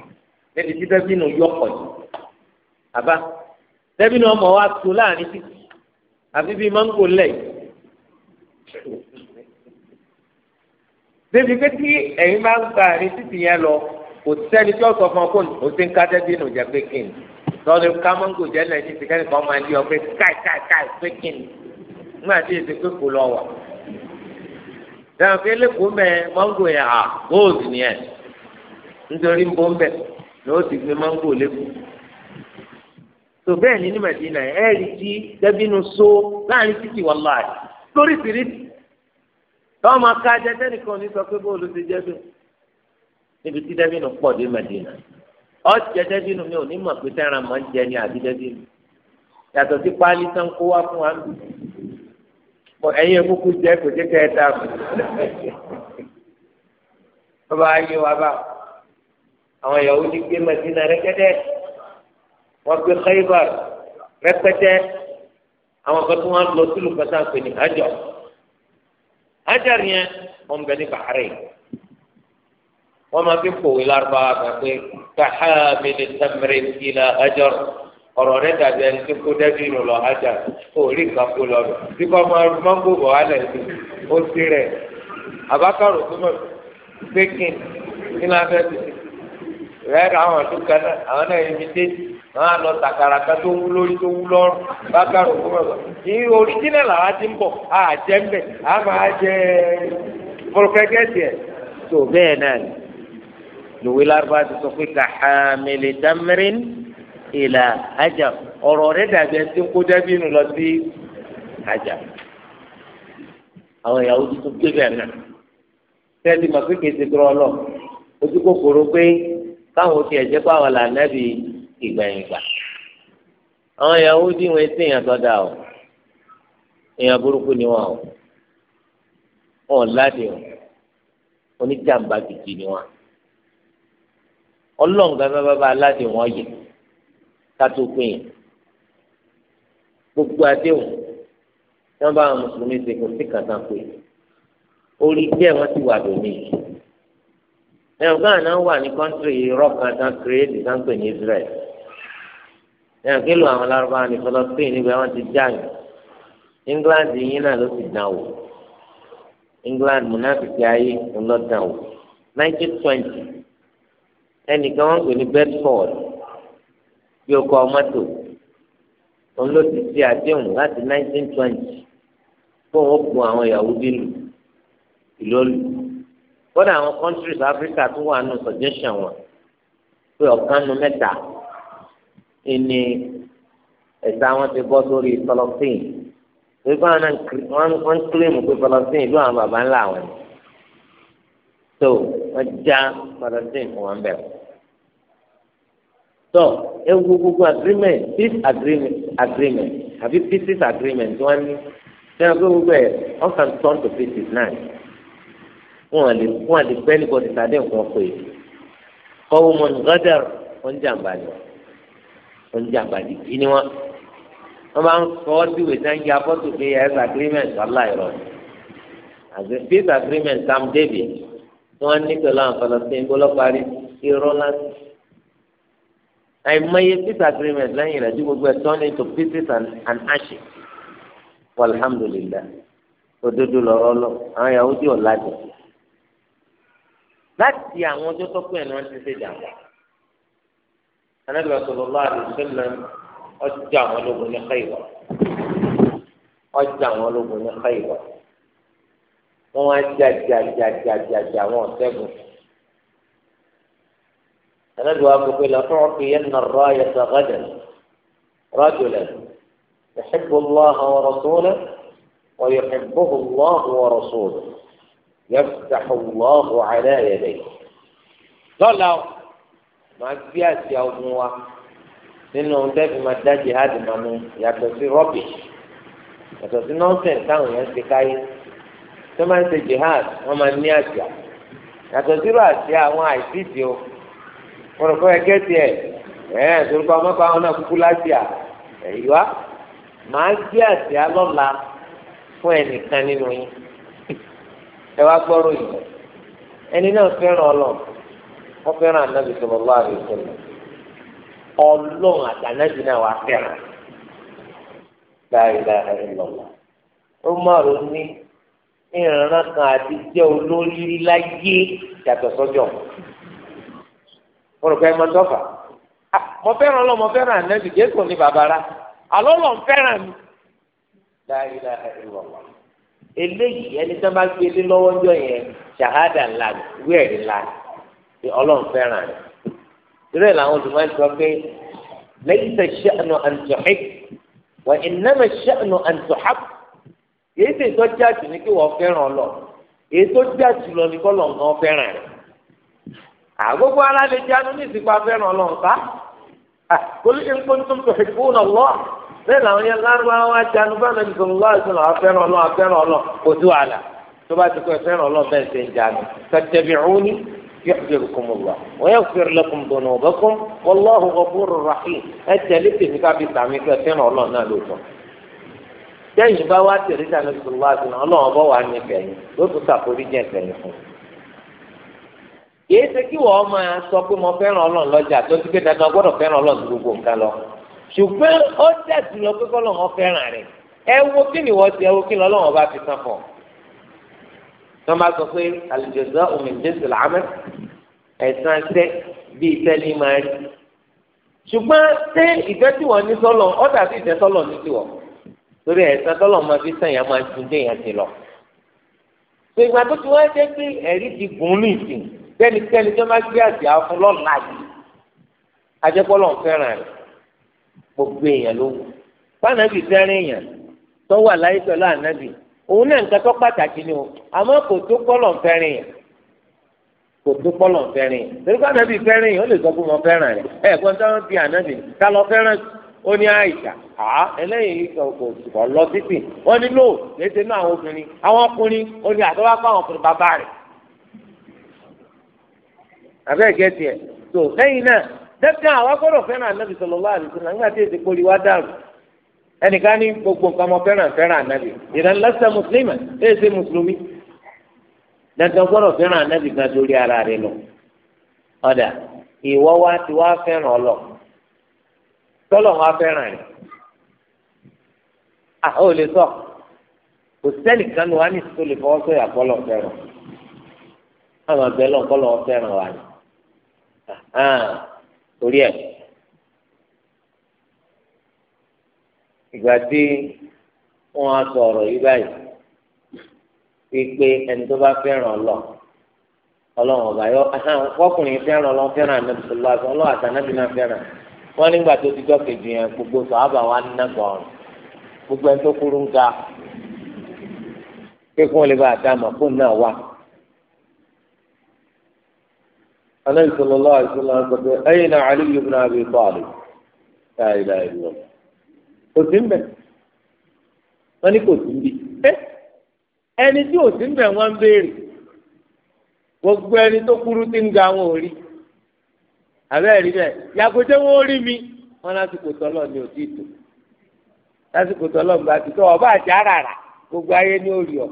níbi dídẹ́bínú yọkọ̀ jù àbá dẹ́bínú ọmọ wa tu láàrin títì àfi bíi máńgò lẹ́yìn débi pé tí ẹ̀yin bá ń gba àárín títì yẹn lọ kò sẹ́ni tí ó sọ fún ọ kó o ti ń ká dẹ́bí nù jẹ́ pé kí ni lọ́dún kámọ́ngò jẹ́ lẹ́yìn tí kẹ́ni kan máa ń lé ọ pé káìkáìkáì pé kí ni nígbà tí èsì pé kò lọ wà. dáhùn pé lẹ́kọ̀ọ́ mẹ́ mọ́ngò yẹn à góòlù nìyẹn nítorí ń bọ́ ń bẹ̀ ni ó ti gbé mọ́ngò lẹ́kọ̀ọ́. tó bẹ́ẹ̀ ni ní Mẹ̀dínà ẹ̀ẹ́rì tí dẹ́bí nù so láàrin títì wàláì lórí fìrìtì tọ́ ma ká jẹ sẹ́nìkan ní sọ pé bóòlù ti jẹ́ bẹ́ẹ̀ níbi tí dẹ́bìnú pọ̀ dé mẹ́dínà ọ̀jẹ̀ dẹ́bìnú mi ò ní mọ̀ pé sẹ́ran máa ń jẹ ní àbí dẹ́bìnú yàtọ̀ sí páálí tán kó wá fún wa bọ̀ ẹ̀yin kúkú jẹ́ kò jẹ́ kẹ́ ẹ dà bù bàbá ayé wa bá àwọn ìyàwó ti gbé mẹ́dínà rẹ́kẹ́dẹ́ wọ́n gbé Khaybar rẹ́kẹ́dẹ́ àwọn kan tó wọn lọ sílùú kan sáà pé ní hajar hajar yẹn wọn bẹ ní bahrain wọn máa fi kòwé lárúbáwá kan pé kàhámìlì tamrin ilà hajar ọ̀rọ̀ rẹ dàbí ẹni tó kó dẹ́bí ìlú lọ hajar kò rí nǹkan kó lọ rẹ bí kò máa mọ́ngò bọ̀ wálẹ̀ sí ó sí rẹ̀ àbákàrò tó mọ̀ pé kí ni lábẹ́ rẹ̀ àwọn tó kan àwọn náà yẹ mi dé wọn á lọ tàkàràkà tó wú lórí tó wú lọ́rùn bákàrò fún wọn. ní oríjìnà làwa ti ń bọ̀ a jẹ́ ń bẹ̀ a máa jẹ́ fọlọ́kẹ́kẹ́sì ẹ̀. tó bẹ́ẹ̀ náà ni lùwí lárúbá ti sọ pé ka hàmìlì dámẹ́rin ìlà ajá ọ̀rọ̀ rẹ̀ dàbí ẹ kó dẹ́bí nù lọ sí ajá. àwọn ìyàwó tuntun gbé bẹ́ẹ̀ náà tẹ́lẹ̀ mọ̀ pé kèsì lọ ojú kòkòrò pé káwọn ti ẹ̀jẹ̀ pàwọn là ìgbẹ̀yìn gbà àwọn Yahudi wọn ti èèyàn tó o èèyàn burúkú ni wọn o wọn láde o oníjàmbá gidi ni wọn ọlọ́ǹgá bábá aláde wọn yẹ kátó pín in gbogbo àdéhùn tí wọn bá àwọn mùsùlùmí ṣe kò sí kàtà pé orí díẹ̀ wọn ti wà lómi ẹ̀rọ gáà wà ní kọ́ńtírì rọ́ọ̀kan tán kírẹ́ẹ̀tì tán pè Israel ẹnì kí ló àwọn lárúbáwá ní Palestine níbi àwọn ti já yìí England yìí náà ló ti dàn wò England munafiki ayé ńlọ dàn wò nineteen twenty ẹnìkan wọn pè ní Bedford bí o kọ mọ́tò òun ló ti ṣe àdéhùn láti nineteen twenty fún òun kun àwọn Yahudi lù ìlólù kódà àwọn countries Africa tún wà nù suggestion wọn pé ọ̀kan nu mẹ́ta ìní ẹ̀sà wọn ti bọ́ sórí Palestine wípé wọn ń kílèmù pé Palestine ìlú àwọn baba ńlá wọn ni tó wọn já Palestine fún wọn tó ewu gbogbo agreement peace agreement agreement àbí peace agreement wọn ní sẹ́yìn pé gbogbo ẹ̀ wọ́n kàn turn to pieces náà wọn lè wọn lè bẹ́ẹ̀ ní bọ́dí nǹkan pé kọ́wọ́ mọ̀ wọn jàǹbá ni wọn wọn jẹ àgbàdì kí ni wọn wọn máa ń sọ ọ sí wèsì ẹnjẹ afọtò pé ẹs agreement aláìrọ peace agreement Camp David tí wọn ní pẹ̀lú àwọn Palestine bọlọ parí irọ́ láti àìmọye peace agreement lẹ́yìn rẹ̀ tí gbogbo ẹ̀ turn into pieces and, and ashes alhamdulilayi òdodo lọ̀rọ̀ lọ àwọn Yahudi ọ̀làjọ láti àwọn ọjọ́ tó pẹ́ ni wọ́n ti ṣe jàmbá. anabi sallallahu alaihi wasallam ọjà àwọn ológun ní Khaybar ọjà àwọn ológun ní Khaybar wọn wá jàjàjàjàjà wọn ṣẹ́gun anabi wa gbogbo ilà fún ọkùnrin yẹn nà rọ ayẹsẹ gàdẹ rajulẹ يحب الله ورسوله ويحبه الله ورسوله يفتح الله على يديه. قال màá gbé àsíá ogun wa nínú ohun tẹ́ fi máa dá jihad mọ́nu yàtọ̀ sí rubbish yàtọ̀ sí nonsense táwọn èèyàn ti káyé tó máa ń ṣe jihad wọ́n máa ní àsíá yàtọ̀ sírò àsíá àwọn àìsídìí o wọ́n rò pé ẹgẹ́ tiẹ̀ ẹ̀ẹ́n torí pa ọmọ pa àwọn náà kúkú lásìá ẹ̀yíwá màá gbé àsíá lọ́la fún ẹnìkan nínú yín ẹ wá gbọ́rọ̀ yìí ẹni náà fẹ́ràn ọlọ́run wọ́n fẹ́ràn anábì ọlọ́run náà wà fẹ́ràn la ilaha ó máa ní ìrànlá kan àti jẹ́ olórí láyé yàtọ̀ sọ́jọ́ mo rò pé mo fẹ́ràn ọlọ́run mo fẹ́ràn anábì jésù ní bàbára àlọ́ lọ́n fẹ́ràn mi la ilaha illallah eléyìí ẹni tí wọ́n bá gbé lé lọ́wọ́ ọlọ́run fẹ́ràn rẹ̀ ìrẹ́ làwọn olùmọ̀ sọ pé lẹ́yìn tẹ ṣẹ́nu àǹtọ̀hẹ́ wà ìnáma ṣẹ́nu àǹtọ̀hẹ́ èyí tẹ̀ tó jáde ní kí wọ́n fẹ́ràn ọlọ èyí tó jáde lọ ní kọ́ lọ́nà fẹ́ràn rẹ̀ àgógó alálejò anú ní ìsìnkú afẹ́ràn ọlọ́run ká kò ní kí n tó tó ìkú nà lọ́ bẹ́ẹ̀ làwọn yẹn lárúbáwá يحذركم الله ويغفر لكم ذنوبكم والله غفور رحيم التالت في كتاب التعميق سنة الله نالوكم tẹ́yìn bá wá tẹ̀lé sànà sọ̀rọ̀ wá sọ̀rọ̀ ọlọ́run bọ́ wà ní ìfẹ̀yìn ló tún sàkórí jẹ́ ìfẹ̀yìn fún un. kìí ṣe kí wọ́n máa sọ pé mo fẹ́ràn ọlọ́run lọ́jà tó ti gbé dandan gbọ́dọ̀ fẹ́ràn ọlọ́run gbogbo nǹkan lọ. ṣùgbọ́n ó tẹ̀sí lọ pé kọ́lọ́run fẹ́ràn rẹ̀ ẹ wo kí ni wọ́n ti ẹ wo kí ni ọlọ́run bá fi san fún tó máa sọ pé àlùjọ̀dọ́ òmìnirẹ́sì làámẹ́ ẹ̀sán ẹsẹ̀ bíi tẹ́lẹ̀ máa rí ṣùgbọ́n ṣé ìfẹ́ tí wọ́n ní sọ́lọ̀ ọ́ dàbí ìfẹ́ sọ́lọ̀ ní tiwọ̀ torí ẹ̀sán sọ́lọ̀ máa fi sàn yà máa tún dé yàn ti lọ. ṣé ìgbà tó ti wá jẹ́ pé ẹ̀rí ti gùn ní ìsìn tẹ́nikẹ́ni tó máa gbé àṣà fún lọ́la yìí ajẹ́pọ́lọ́ fẹ́ràn rẹ̀ gbogbo èèyàn ló wù. fáànàbì fẹ́ràn èèyàn tó wà láyé pẹ̀lú ànábì òun náà nǹkan tó pàtàkì ni o àmọ́ kò tó pọ́lọ̀ fẹ́rin kò tó pọ́lọ̀ fẹ́rin torí káwọn ẹbí fẹ́rin yẹn ó lè sọ fún wọn fẹ́ràn rẹ ẹ kó tó ń fi ànábì ká lọ fẹ́ràn ó ní àìsà á ẹlẹ́yìn kò lọ títì wọ́n ní lò léṣe náà àwọn obìnrin àwọn ọkùnrin ó ní àtọ́wá fún àwọn ọkùnrin bàbá rẹ̀ ẹnìkan ní gbogbo nǹkan mọ fẹ́ràn fẹ́ràn ànábì ìran lásán mùsùlùmí ẹ̀ ṣe mùsùlùmí dandan gbọ́dọ̀ fẹ́ràn ànábì gan lórí ara rẹ lọ ọ̀dà ìwọ wa ti wá fẹ́ràn ọlọ tọ́lọ̀ wa fẹ́ràn rẹ à ah, ó lè sọ kò sẹ́nìkan ní wa ní tó lè fọwọ́ sọ̀yà kọ́lọ̀ fẹ́ràn àwọn abẹ́lọ̀ kọ́lọ̀ fẹ́ràn wa ni ah, ah, torí ẹ̀. ìgbà tí wọ́n á sọ ọ̀rọ̀ yìí báyìí wípé ẹni tó bá fẹ́ràn lọ ọlọ́run ọba yọ ọkùnrin fẹ́ràn lọ fẹ́ràn anabi sọlá sọ ọlọ́run náà fẹ́ràn wọ́n nígbà tó ti yẹn gbogbo sọ àbà wa nàgbà gbogbo ẹni tó kúrú ń ga pé kí wọ́n lè bá fóònù náà kò sí mbẹ wọn ní kò sí mbí ẹ ẹni tí ò sí mbẹ wọn ń béèrè gbogbo ẹni tó kúrú ti ń ga wọn ò rí àbẹ́ẹ̀ rí bẹ́ẹ̀ tí wọn ò rí mi wọn lásìkò tọ́lọ̀ ni ò tí ì tó lásìkò tọ́lọ̀ ń bá ti tọ́ ọba arara gbogbo ayé ni ó rí ọ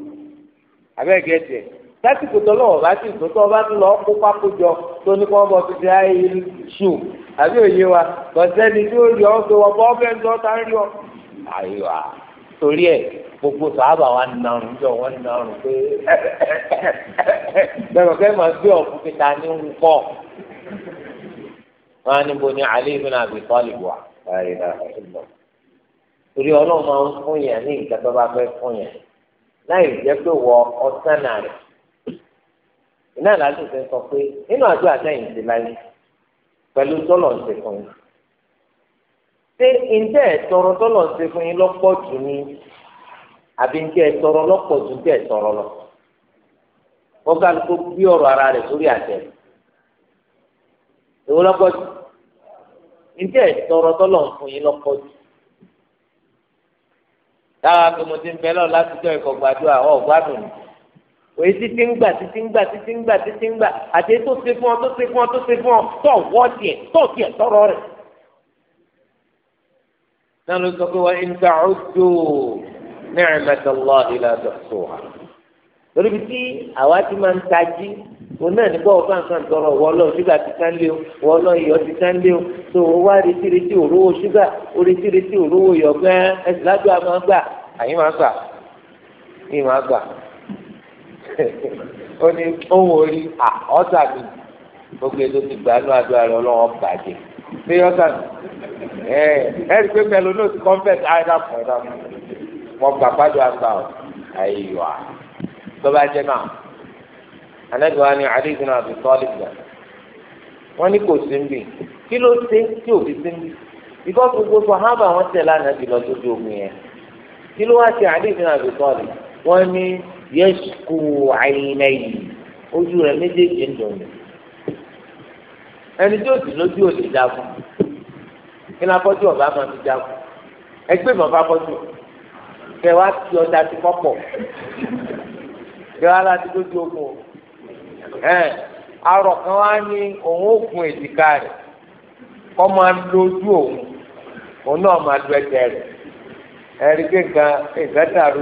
àbẹ́ẹ̀ gẹ̀ẹ́tì ẹ̀. lásìkò tó lọ́wọ́ bá ti tó tó bá ti lọ kó pákójọ tó ní kó bọ́ títí ayé ṣù àbí òye wa bọ̀sẹ́ni tí ó yọ ọ́ pé torí ẹ gbogbo sàábà wa nàrún jọ wọn nàrún pé bẹ́ẹ̀ bẹ́ẹ̀ máa gbé ọ̀fun kíta ní ń wọn á ní bo alẹ́ ìlú torí ọlọ́run máa ń fún yẹn ní fẹ́ láì jẹ́ pé wọ ọ iná ìlàjú ti sọ pé nínú àdúrà sẹ́yìn ti láyé pẹ̀lú tọ́lọ̀ ń ṣe fún yín ṣé ǹjẹ́ ẹ̀tọ́rọ tọ́lọ̀ ń ṣe fún yín lọ́pọ̀ jù ní àbí ǹjẹ́ ẹ̀tọ́rọ lọ́pọ̀ jù ǹjẹ́ ẹ̀tọ́rọ lọ wọ́n ká ló gbé ọ̀rọ̀ ara rẹ̀ sórí àtẹ̀ èwo lọ́pọ̀ jù ǹjẹ́ ẹ̀tọ́rọ tọ́lọ̀ ń fún yín lọ́pọ̀ jù dáhà pé mo ti ń bẹ lọ látijọ́ ìkọ̀gbàdúrà òye títí ń gbà títí ń gbà títí ń gbà títí ń gbà àti tó ṣe fún ọ tó ṣe fún ọ tó ṣe fún ọ tó wọ́ tiẹ̀ tó tiẹ̀ tọrọ rẹ̀. náà sọ pé wọ́n ń ta ọjọ́ ni'matallahi la tuhsuha. torí bí tí àwa ti máa ń tají òun náà ní bọ́ọ̀ fáǹfà tọrọ wọlọ ṣúgà ti lé o wọlọ iyọ̀ ti tán lé o tó o wá retí retí òróró ṣúgà o retí retí òróró iyọ̀ gan ẹ̀sìn ládùúgbò àmọ́ gbà ó ní ohun orí à ọ̀sà mi gbogbo ètò ti gbà ní adúlá rẹ ọlọ́wọ́ bàjẹ́ ṣé ọ̀sà mi ẹ ẹ rí i pé mẹlò náà ti confess àìdá fún ọ̀dà mi mo gbà pàdé àgbà ọ̀ àyíwá tó bá jẹ́ náà anábì wa ni àdéhùn náà fi sọ́ọ́lì gbà wọ́n ní kò sí ń bì kí ló ṣe tí ò fi sí ń bì bíkọ́ gbogbo sọ̀hábà wọn tẹ̀lé ànábì lọ sójú omi yẹn kí ló wá ṣe àdéhùn náà fi sọ́ọ̀lì wọ́n ní yẹ́sùkù àìlẹ́yìn ojú rẹ̀ méjèèjì ń dùn mí ẹni tí ó sì lójú ò lè jagun kí ni afọ́jú ọ̀bá máa fi jagun ẹgbẹ́ ìmọ̀ bá fọ́jú kẹ wá ti ọjà ti kọ́pọ̀ kẹ wá láti lójú ogun ẹ arọ kan wá ní òun ó gun èjìká kọ́ máa lójú òun òun náà máa lo ẹsẹ̀ rẹ̀ ẹ̀rí pé nǹkan nǹkan dàrú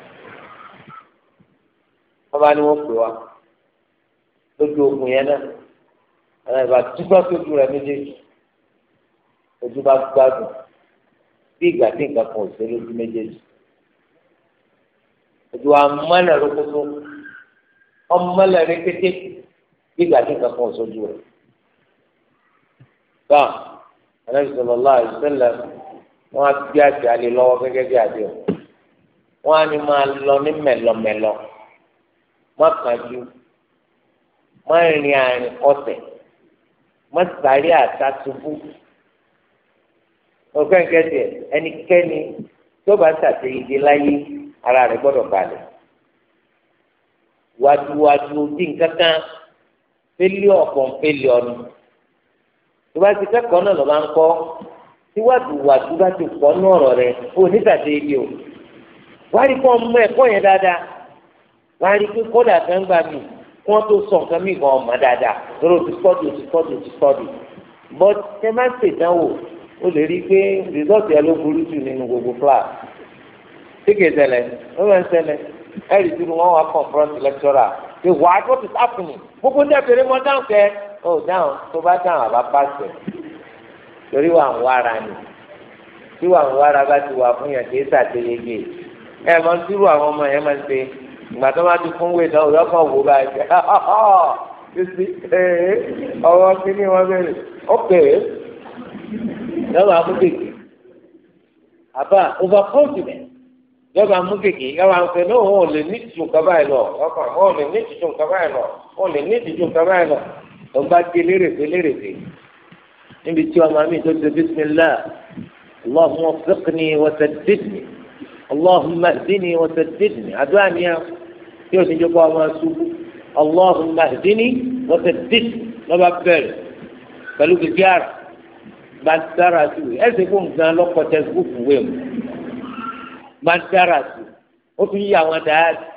wọn bá ní wọn pè wá lójú ogun yẹn náà àwọn ìbá túbọ̀ sójú rẹ méjèèjì ojú bá gbádùn bí ìgbà tí nǹkan kan ò sí lójú méjèèjì ojú wa mọ́lẹ̀ lókótó ọmọlẹ̀ rékété bí ìgbà tí nǹkan kan ò sójú rẹ. báà anabi sallallahu wọn á bí àti alẹ lọ́wọ́ bí àdéhùn wọn á ní máa lọ ní mẹlọmẹlọ má kánjú má rìn àrìn kọsẹ̀ má sáré àtàtúbù ọgbẹ́ nkẹ́tì ẹnikẹ́ni tó bá ṣàṣeyege láyé ara rẹ̀ gbọ́dọ̀ balẹ̀ wàdùwàdù bí nkankan fẹ́lẹ́ ọ̀pọ̀ fẹ́lẹ́ ọ̀nù tó bá ti kẹ́kọ̀ọ́ náà lọ́ba ń kọ́ tí wàdùwàdù bá ti pọ̀ ní ọ̀rọ̀ rẹ̀ ó ní ṣàṣeyege o wàá rí kọ́ ọmọ ẹ̀kọ́ yẹn dáadáa wọ́n á rí pé kódà kan gbà mí kí wọ́n tó sọ nǹkan mí gan ọmọ dáadáa lórí o ti sọ́ọ̀dì o ti sọ́ọ̀dì o ti sọ́ọ̀dì but ẹ má ṣèdánwò o lè rí i pé rìsọ́ọ̀tì ẹ ló burú jù nínú gbogbo class tíkè ṣẹlẹ̀ ó máa ń ṣẹlẹ̀ ẹ rí i wọn wá confront lecturer ṣe wàá tó ti sáfùnù gbogbo ní ẹbẹrẹ mọ dáhùn kẹ ó dáhùn tó bá dáhùn àbá pàṣẹ torí wà ń wára ni tí wà ń wára bá ti wà fún yàn kì í ṣàtẹyẹgẹ ẹ mọ sírù àwọn ọmọ yẹn máa ń ṣe ìgbà tó máa ti fún wèé náà òyọ́ kan wò báyìí títí eh, ọwọ́ kíní wọn bẹ̀rẹ̀ ọ̀pẹ̀ yọba amúkèké àbá over confident yọba amúkèké yọba amúkèké náà wọn ò lè ní ìtìjú nǹkan báyìí lọ ọkàn wọn ò lè ní ìtìjú nǹkan báyìí lọ wọn ò lè ní ìtìjú nǹkan báyìí lọ ló ń bá gé lérèfé lérèfé níbi tí ọmọ mi tó ṣe bísímilá allahumma fiqni wa saddidni allahumma hdini wa saddidni adúlá ni a tí o sì jẹ́ kó a máa ṣubú allahumma hdini wa saddid lọ́ba bẹ̀rẹ̀ pẹ̀lú gègé ara gbàdára sí wèé ẹsẹ̀ fún nǹkan lọ́kọ̀ tẹ̀síbùkù wèé mu gbàdára sí o tún yí àwọn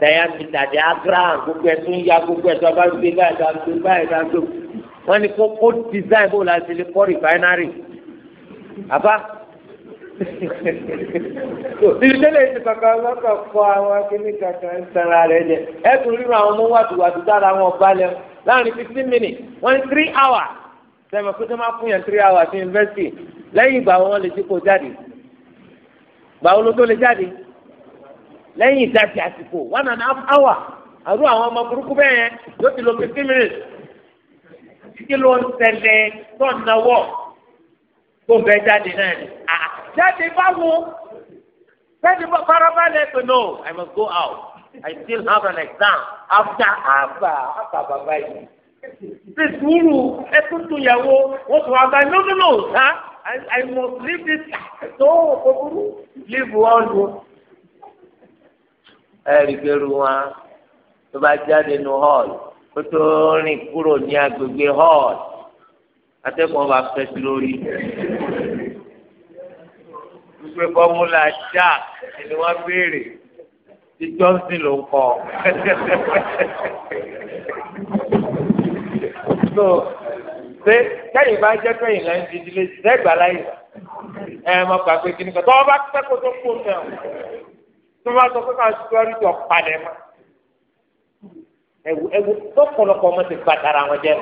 dayamita diagram gbogbo ẹ̀ tún ya gbogbo ẹ̀ tó a bá gbé báyìí tó gbé báyìí tó gbé wọ́n ní kó kó design bó la ṣe lè kọ́ rìfáínárì àbá ibi tẹ́lẹ̀ ti kàkà lọ́kà fọ àwọn akéwì kàkà ń sanra rẹ̀ jẹ ẹ tún ríran àwọn ọmọ wàdùwàdù dára wọn balẹ̀ láàrin fifteen minutes one three hours sẹ́mi pé tó máa fún yẹn three hours sí yunifásitì lẹ́yìn ìgbà wọn lè dípò jáde ìgbà wọn tó lè jáde lẹ́yìn ìdájí àsìkò one and a half hour àrú àwọn ọmọ burúkú bẹ́ẹ̀ yẹn yóò ti lo fifteen minutes kí ló ń ṣẹlẹ̀ tó ń nawọ́ tó ń bẹ jáde náà ni. Ah, jáde báwo jáde bá farabalẹ̀ pé no I must go out I still have an exam after after àbàbà yìí ṣe sùúrù ẹ tuntun yàwó wọn tún wá bá no no no sá I must leave this tó òkúrú leave one room. ẹ rí gbèrú wọn tó bá jáde nu hall kó tó rìn kúrò ní agbègbè hall atẹ́kọ̀ọ́ bá fẹ́ sí lórí wípé fọ́múlà jack ni wọ́n béèrè tí johnson ló ń kọ́ so ṣé kẹ́yìn bá jẹ́ kẹ́yìn lẹ́yìn dídílé dẹ́gbà láyè ẹ mọ gbàgbé kí ni kọ́ tọ́ bá kẹ́kọ̀ọ́ tó kú ọ̀nà tó bá sọ pé ká sọ́ọ́rì tó palẹ̀ mọ́ ẹwù ẹwù tọpọlọpọ ọmọ ti gbàtara wọn jẹ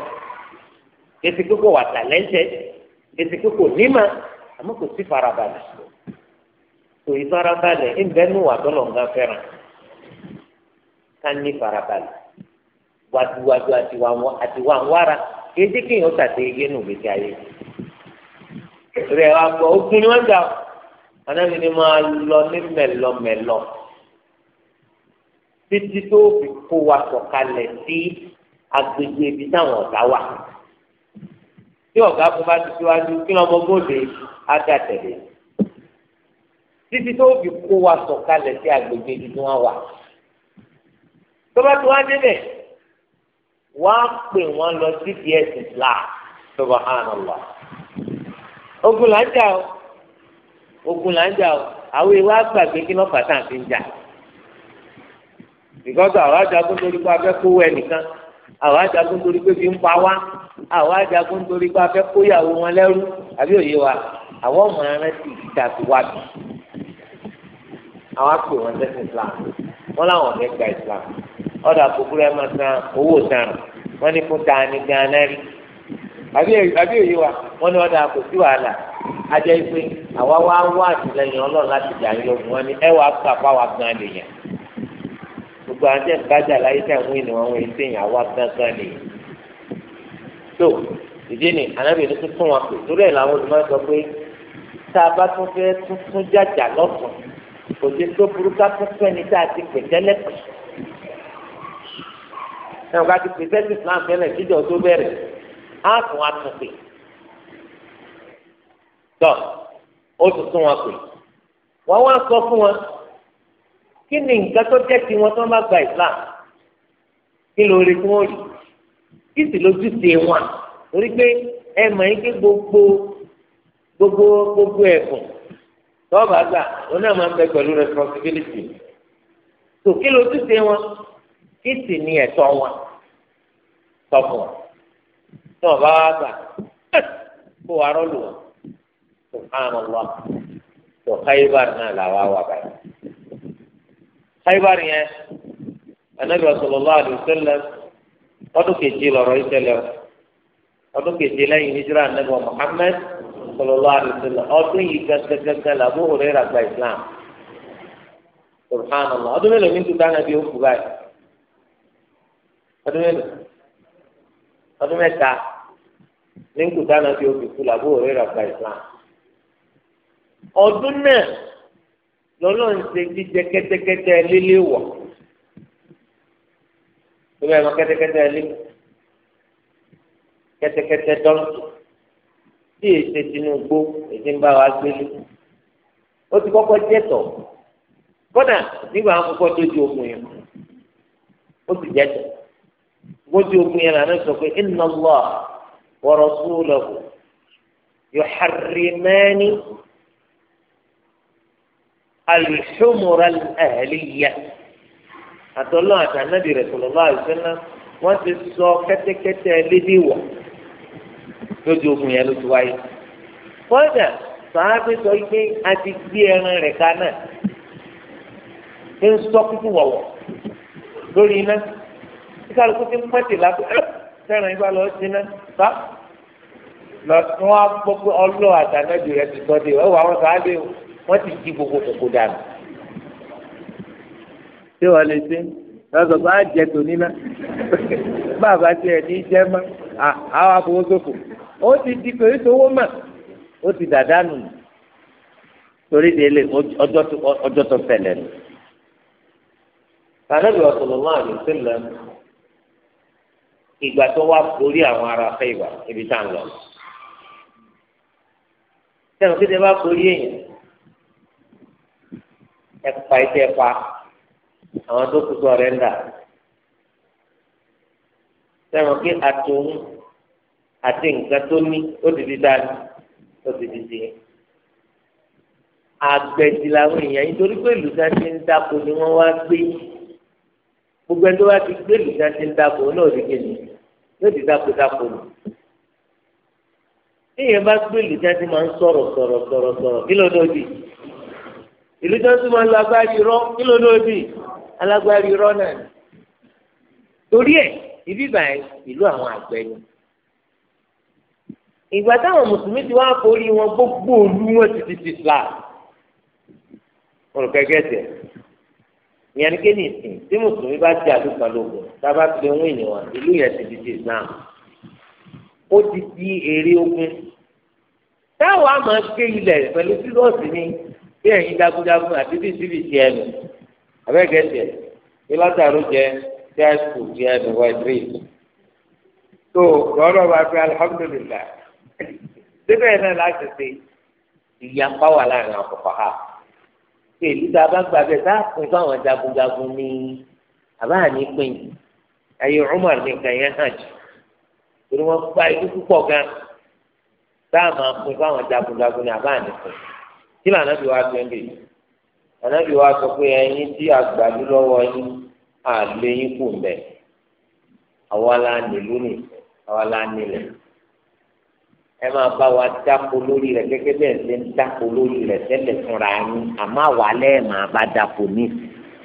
ètò kíkọ wà tàlẹ́ńtẹ̀ ètò kíkọ nímà àmọ́ kò sí farabalẹ̀ tò ìfarabalẹ̀ ńbẹ́ ní wà tọ́lọ̀ ńgá fẹ́ràn ká ní farabalẹ̀ wàdúwàdú àtiwà ńwára kìí jẹ́ kéèyàn tàtẹ́ yé nù gbèsè ayé rẹ̀ wá gbọ́ okun ni wọ́n gbà anábì ni máa lọ ní mẹ̀lọmẹ̀lọ títí tó fi kó wa sọ̀kalẹ̀ sí agbègbè ibi táwọn ọ̀gá wà tí ọ̀gá fún bá ti síwájú kí lọ́mọ gbòde á dà tẹ̀lé títí tó fi kó wa sọ̀kalẹ̀ sí agbègbè ibi tí wọ́n wà. tó bá ti wá débẹ̀ wọ́n á pè wọ́n lọ sí ds islam subhanallah. ogun là ń jà o ogun là ń jà o àwọn ìwà gbàgbé kí lọ́ọ́ fàtà fi ń jà. because àwọn ajagun torí pé abẹ́ kówó ẹnìkan àwọn ajagun torí pé fi ń pa wá àwọn ajagun torí pé abẹ́ kóyàwó wọn lẹ́rú àbí òye wa àwọn ọmọ aránsì ìta ti wá bìí àwọn àpè wọn sẹ́sìn islam wọn làwọn ò gba islam ọ̀dà kúkúrú ẹ̀ máa san owó sanràn wọn ní fún ta ni ganan rí àbí èyí wa wọn ní ọ̀dà kò sí wàhálà ajẹ́ pé àwa wá wá àtìlẹyìn ọlọ́run láti jà yín lógun wọn ni ẹ wàá kà fáwa gan lèèyàn gbogbo àwọn tẹ̀ ń bájà láyé tẹ̀ ń wí ni wọn wọ́n ti yàn wá gángan lèèyàn tó ìdí ni anábìyẹn ní tuntun wọn pè torí ẹ̀ làwọn olùmọ̀ sọ pé tá a bá tún fẹ́ tuntun jàjà lọ́tún kò sí tó burú ká tó pẹ́ ní tá a ti pè tẹ́lẹ̀ pẹ̀. ẹ ò ká ti pè tẹ́lẹ̀ Islam tẹ́lẹ̀ kíjọ tó bẹ̀rẹ̀ á tún wá tún pè. tọ́ ó tún tún wọn pè. wọ́n wá sọ fún wọn kí ni nǹkan tó jẹ́ tiwọn tó ń gba Islam kí ló rí fún òyì kí sì lójú ti wọn torí pé ẹ mọ̀ ẹ́ pé gbogbo gbogbo gbogbo ẹ̀bùn tọ́ọ̀bù àgbà wọn náà máa ń bẹ pẹ̀lú responsibility tó kí ló túnṣe wọn kí sì ni ẹ̀tọ́ wọn tọkùn wọn tí wọn bá wá gbà kó wa rọ́ọ̀lù wọn tó hàn wá tó Khaybar náà làwa wà báyìí Khaybar yẹn anabi sallallahu alaihi wasallam ọdún kejì lọ́rọ̀ ìṣẹ̀lẹ̀ ọdún kejì lẹ́yìn hijira anabi Muhammad. sallallahu alaihi wasallam ọdún yìí gẹ́gẹ́gẹ́gẹ́ la Abu Hurairah gba islam subhanallah ọdún mélòó ní tuntun anabi ó kú báyìí ọdún mélòó ọdún mẹ́ta ní tuntun anabi ó kú la Abu Hurairah gba islam ọdún náà lọ́lọ́run ṣe jíjẹ kẹ́tẹ́kẹ́tẹ́ lílé wọ̀ tó bẹ́ẹ̀ mọ kẹ́tẹ́kẹ́tẹ́ lé kẹ́tẹ́kẹ́tẹ́ dọ́ńtò. tí èsè tinubu èsè ń bá wa gbélé ó ti kọ́kọ́ jẹ́tọ̀ kódà nígbà wọn kọ́kọ́ dójú ogun yẹn ó ti jẹ́tọ̀ dójú ogun yẹn lànà sọ pé inna Allah wa rasuluhu yuharrimani al-humura al-ahliya àtọ́lọ́ àtànàbì rẹ̀ sallallahu alaihi wasallam wọ́n ti sọ kẹ́tẹ́kẹ́tẹ́ lédè lójú ogun yẹn ló ti wáyé kọ́dà sàábì sọ pé a ti gbé ẹran rẹ̀ ká náà ṣé ń sọ kúkú wọ̀wọ̀ lórí iná tí kálukú ti ń pẹ́tì lápẹ́ sẹ́ràn ah! yín bá lọ sí iná bá lọ́tún wá gbọ́ pé ọlọ́ àtànájú rẹ̀ ti tọ́ de ọ̀wọ́ àwọn sàábì wọ́n ti di gbogbo kòkò dànù. ṣé wàá lè ṣe é? lọ́sọ̀ bá jẹ tòní náà bàbá tiẹ̀ ní jẹ́ mọ́ àwọn ó ti di pé sowó mọ̀ ó ti dàda nù torí délé ọjọ́ tó fẹlẹ̀ nù. sànẹ́bí sallallahu alaihi wasallam ìgbà tó wá àwọn ará ibi tá à ń lọ. sẹ́wọ̀n kí tẹ bá forí èèyàn àwọn tó kù sọrẹ́ńdà sẹ́wọ̀n pé àtòun àti nǹkan tó ní ó ti di dání ó ti di di àgbẹ̀dì làwọn èèyàn yìí torí pé lùdá ti ń dáko ni wọ́n wá gbé gbogbo ẹni tó bá ti gbé lùdá ti ń dáko náà ti gbé ni yóò ti dáko dáko ni èèyàn bá gbé lùdá ti máa ń sọ̀rọ̀ sọ̀rọ̀ sọ̀rọ̀ sọ̀rọ̀ kí ló dé òdì ìlú tó tún máa ń lọ agbára irọ́ kí ló dé òdì alágbárí rọ́nà ni torí ẹ̀ ibi báyìí ìlú àwọn àgbẹ̀ ni ìgbà táwọn mùsùlùmí ti wá forí wọn gbogbo òlu wọn ti ti ti Islam olùkẹ́kẹ́ tẹ̀ ìyẹn ni kéde ìsìn tí mùsùlùmí bá ti àdúgbò lóògùn tábà ti ń wìn wọn ìlú yẹn ti ti ti Islam ó ti di èrè ogun táwọn àmọ́ gbé ilẹ̀ pẹ̀lú sílọ́ọ̀sì ni bí ẹ̀yin jagunjagun àti bí síbi ti ẹnu abẹ́gẹ́sẹ̀ kí látàrú jẹ tí a sùn jẹ ẹnìwọ̀ ẹ̀dírí tó lọ́dọ̀ bá fi alihamudulilayi síbẹ̀ yẹn náà láti ṣe ìyapa wà láàrin àkọ́kọ́ ha ṣe èyí bá gba bẹ́ẹ̀ tá a pín fáwọn jagunjagun ní àbáàní pín ayé Umar nìkan yẹn hàn jù torí wọ́n gba ikú púpọ̀ gan tá a máa pín fáwọn jagunjagun ní àbáàní pín kí lànà bí wàá tó ń bèèrè ànábì wa sọ pé ẹyin tí àgbàdo lọ́wọ́ yín àlè yín kù mbẹ àwa la nílùú nì àwa la nílẹ̀ ẹ máa bá wa dáko lórí rẹ̀ gẹ́gẹ́ bẹ́ẹ̀ ṣe ń dáko lórí rẹ̀ tẹ́lẹ̀ fúnra yín àmọ́ àwa lẹ máa bá dáko ní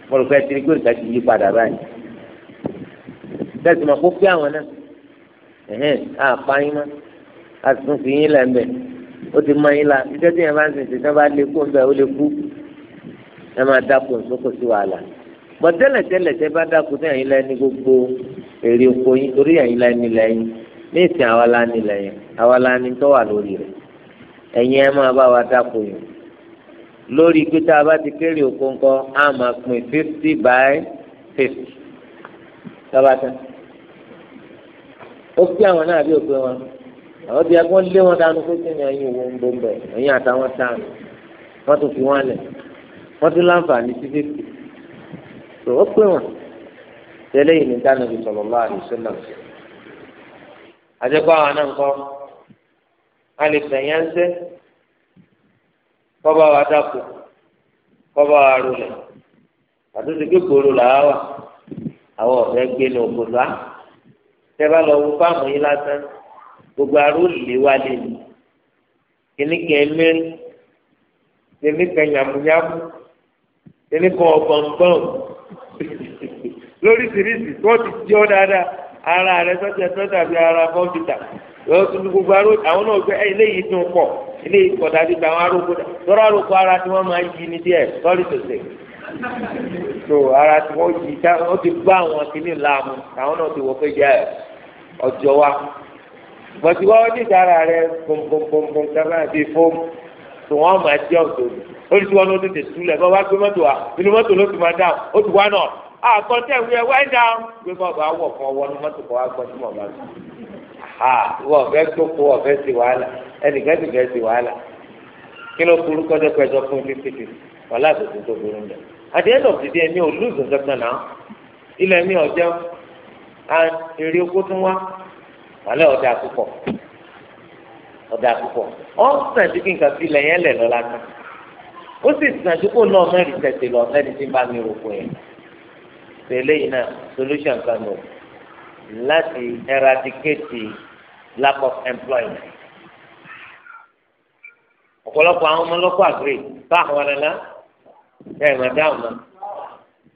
mo rò pé tiri pé ti yí padà báyìí tẹsí kó pé àwọn náà ẹhẹn àpá yín mọ a yín lẹ mbẹ ó ti mọ yín la iṣẹ́ tí yẹn bá ń sèse tí wọn bá lè kó mbẹ ó lè kú ẹ máa dáko nsókò sí wàhálà bọ tẹ́lẹ̀ tẹ́lẹ̀ tẹ́ bá dáko sí ẹ̀yin lẹni gbogbo èrè oko yín torí ẹ̀yin lẹni lẹ́yìn ní ìsìn àwa la ni lẹ́yìn àwa la ni tó wà lórí rẹ̀ ẹ̀yin ẹ máa bá wa dáko yìí lórí pé tá a bá ti kéré oko ńkọ́ á máa pín fifty by fifty sábàtà ó pé àwọn náà bí òpin wọn àwọn bí agbọ́n lé wọn dànù pé kí ni ẹ̀yin wo ń bọ̀ ń àtàwọn sáà wọ́n tún fi wọn lẹ̀ wọ́n ti láǹfààní sí fífi tó ó pè wọ́n tẹ́lẹ̀ yìí ní dánilẹ̀ sọ̀rọ̀ lọ́wọ́ àdìsọ́nà àjẹkọ́ àwọn náà ń kọ́ a lè fẹ̀yà ń sẹ́ kọ́ba wa dàpọ̀ kọ́ba wa rúlẹ̀ àtúntò kékeré làá wà àwọn ọ̀fẹ́ gbé ní òkúta tẹ́bá lọ wọ fáàmù yín lásán gbogbo arú lè wá lé mi kìnnìkan mẹ́rin tèmi kan yàmùyàmù ẹni kan ọ̀gbọ̀ngbọ̀n lóríṣiríṣi wọ́n ti jẹ́ ọ́ dáadáa ara rẹ sọ́jà sọ́jà bíi ara kọ́mpútà yóò tún gbogbo aró àwọn náà gbé eléyìí tún pọ̀ eléyìí pọ̀ dájú gba àwọn arókò tọ́rọ arókò ara tí wọ́n máa ń yí ni díẹ̀ sọ́rí tòṣe tó ara tí wọ́n yí tá wọ́n ti gbá àwọn kìíní làámu àwọn náà ti wọ́ pé yá ọjọ́ wa bọ̀dùwọ́ ní ìdára rẹ bọ̀m̀bọ̀m̀bọ̀m̀ tó wọn máa jẹ́ ọ̀dọ́ ni olùsí wọn ló tètè súlẹ̀ bọ́ wá gbé mọ́tò wa inú mọ́tò ló ti máa dá o ti wá náà àkọ́tẹ́ ìwé ẹ̀ wáyé dá gbé bọ́ọ̀bù awọ̀ kan wọnú mọ́tò kan wá gbọ́ sí mọ̀ bá mi. wọ́n fẹ́ gbóko wọ́n fẹ́ ṣe wàhálà ẹnìkan sì fẹ́ ṣe wàhálà kí ló burú kọ́jọ́ pẹ̀jọ́ fún fífìtì wọ́n láàbùkù tó burú nù. at the end of the day mi ò lùzù kankan náà ilẹ̀ mi ọ̀jẹ̀ eré okó tún wá wàhálà ọ̀dà púpọ̀ ọ̀dà púpọ̀ ọ́n sàn ju kí nǹkan fi lẹ̀ yẹn lẹ̀ lọ lásán ó sì sàn ju kó náà mẹ́rin tẹ̀sẹ̀ lọ sẹ́ni tí ń bá mi rògbò yẹn tẹ̀lé yìí náà solution kan nù láti eradicate lack of employment ọ̀pọ̀lọpọ̀ àwọn ọmọ lọ́kọ̀ àgbè bá àwọn ọ̀nàlá ẹ̀ mà dáhùn náà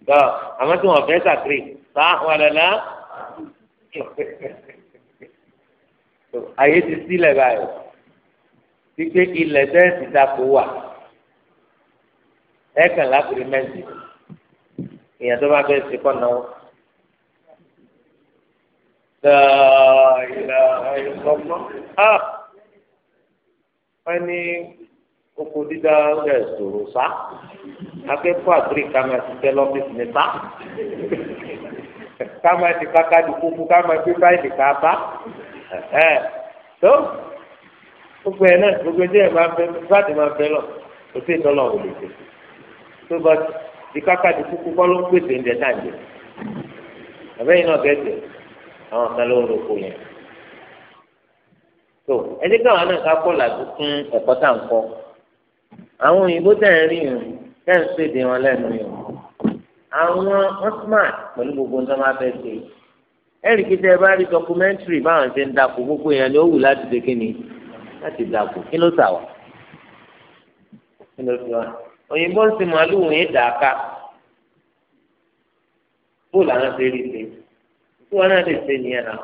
gbọ́ àwọn tí wọ́n fẹ́ sàgbè bá àwọn ọ̀nàlá ayé ti sílẹ̀ báyìí wípé ilẹ̀ tẹ́sí tako wà ẹ kàn lápìrìmẹ́ǹtì èèyàn tó bá fẹ́ ṣe kọ́ náwó. wọ́n ní oko dídá rẹ̀ sòrò sá akẹ́kọ̀ọ́ àgbèrè kàmá ti tẹ́ lọ́fíìsì ní sá kàmá ti kákàdùkú kàmá ti báyìí ká bá ẹ tó gbogbo ẹ náà gbogbo ẹjẹ máa bẹ fúláàtì máa bẹ lọ kò sí ìtọ́lọ̀ òun lè tètè tó bá di káká di kúkú kọ́ ló ń pèsè oúnjẹ náà jẹ àbẹ́yìn náà gẹ̀ẹ́sì àwọn kan ló ń roko yẹn tó ẹjẹ káwọn náà ká kọ́ làdú fún ẹ̀kọ́ tá à ń kọ́ àwọn òyìnbó tẹ̀ ń rí yìí tẹ̀ ń ṣèdè wọn lẹ́nu yìí àwọn wọn pẹ̀lú gbogbo nǹkan máa fẹ́ ṣe yìí. erik kí tẹ́ ẹ bá rí dọkumẹ́ntìrì báwọn ṣe ń dako gbogbo èèyàn ni ó wù láti ṣe kí ni láti dako kí ló sà wá. òyìnbó ń sin màálùú yín dàáka bóòlù àwọn ṣe rí ṣe tí wọn náà lè ṣe nìyẹn náà.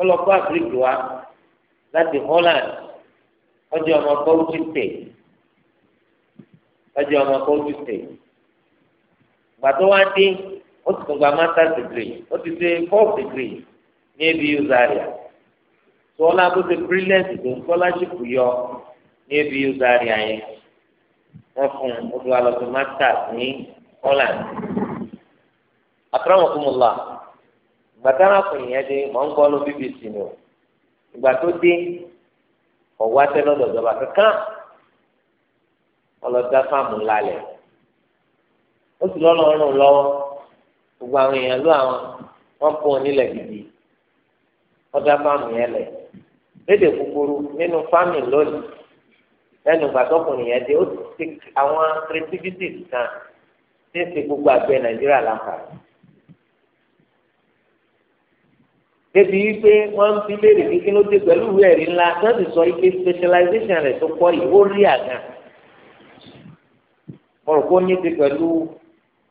Holland ọmọ ó ti tún gba master's degree ó ti ṣe fourth degree ní abu zaria tó ọlá tó ṣe brilliant tó scholarship yọ ní abu zaria yẹn wọn fún un ó ti wá lọ sí masters ní holland akramakumullah gbàtà arákùnrin yẹn dé mọ̀ ń gbọ́ ló bbc ni o ìgbà tó dé ọ̀wá tẹ́ lọ́dọ̀ ìjọba kankan ọlọ́dá fáàmù ńlá lẹ̀ ó sì lọ́nà ọ̀rùn lọ́wọ́ gbogbo àwọn èèyàn ló àwọn wọn kó onílẹ̀ gidi ọdá fáàmù yẹn lẹ̀ lédè kúkúrú nínú fáàmù lónìí lẹ́nu gbàtọ́kùnrin yẹn dé ó ti àwọn creativity kan tí ń ṣe gbogbo àgbẹ̀ nàìjíríà láǹfààní. débi wípé wọ́n ń fi léèrè pé ló dé pẹ̀lú ìwé ẹ̀rí ńlá wọ́n sì sọ ike specialization rẹ̀ tó kọ́ yìí ó rí àgàn. mo rò ní ti pẹ̀lú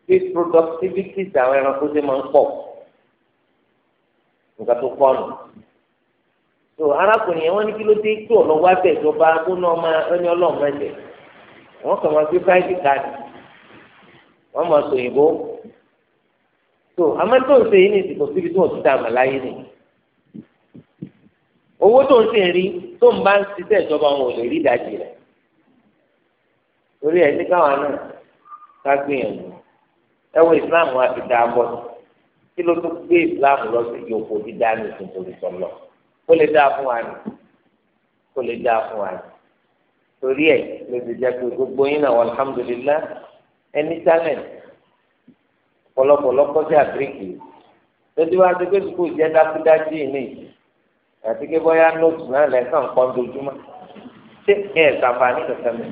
bí productivities àwọn ẹranko ṣe máa ń pọ̀ nǹkan tó pọ̀ nù tó arákùnrin yẹn wọ́n ní kí ló dé tó ọ̀nà wá bẹ̀ tó bá gbóná ọmọ ẹni ọlọ́run ẹ̀jẹ̀ wọ́n kàn máa gbé báyìí káàdì wọ́n máa sọ òyìnbó tó amẹ́tò ń ṣe yìí ní ìsìnkú síbi tó ń ti dàgbà láyé nì owó tó ń ṣe rí tó ń bá ń ṣiṣẹ́ ìjọba wọn ò lè rí ìdajì rẹ̀ torí ẹ̀ ní káwọn náà ká gbìyànjú ẹwọ islam wa ti dáa bọ kí ló tó gbé islam lọ sí yòókù dídá ní ìsìnkúri sọlọ kó lè dáa fún wa ni kó lè dáa fún wa ni torí ẹ ló ti jẹ pé gbogbo yín náà alhamdulilah ẹni talent pọ̀lọpọ̀lọpọ̀ sí àgíríkì lójú wa ti gbé sukùl jẹ dákúdájú ìní àti kí bóyá nóòtù náà lẹ́sàn kan dojúmọ́ ṣé ẹ̀ sàǹfààní kankan mẹ́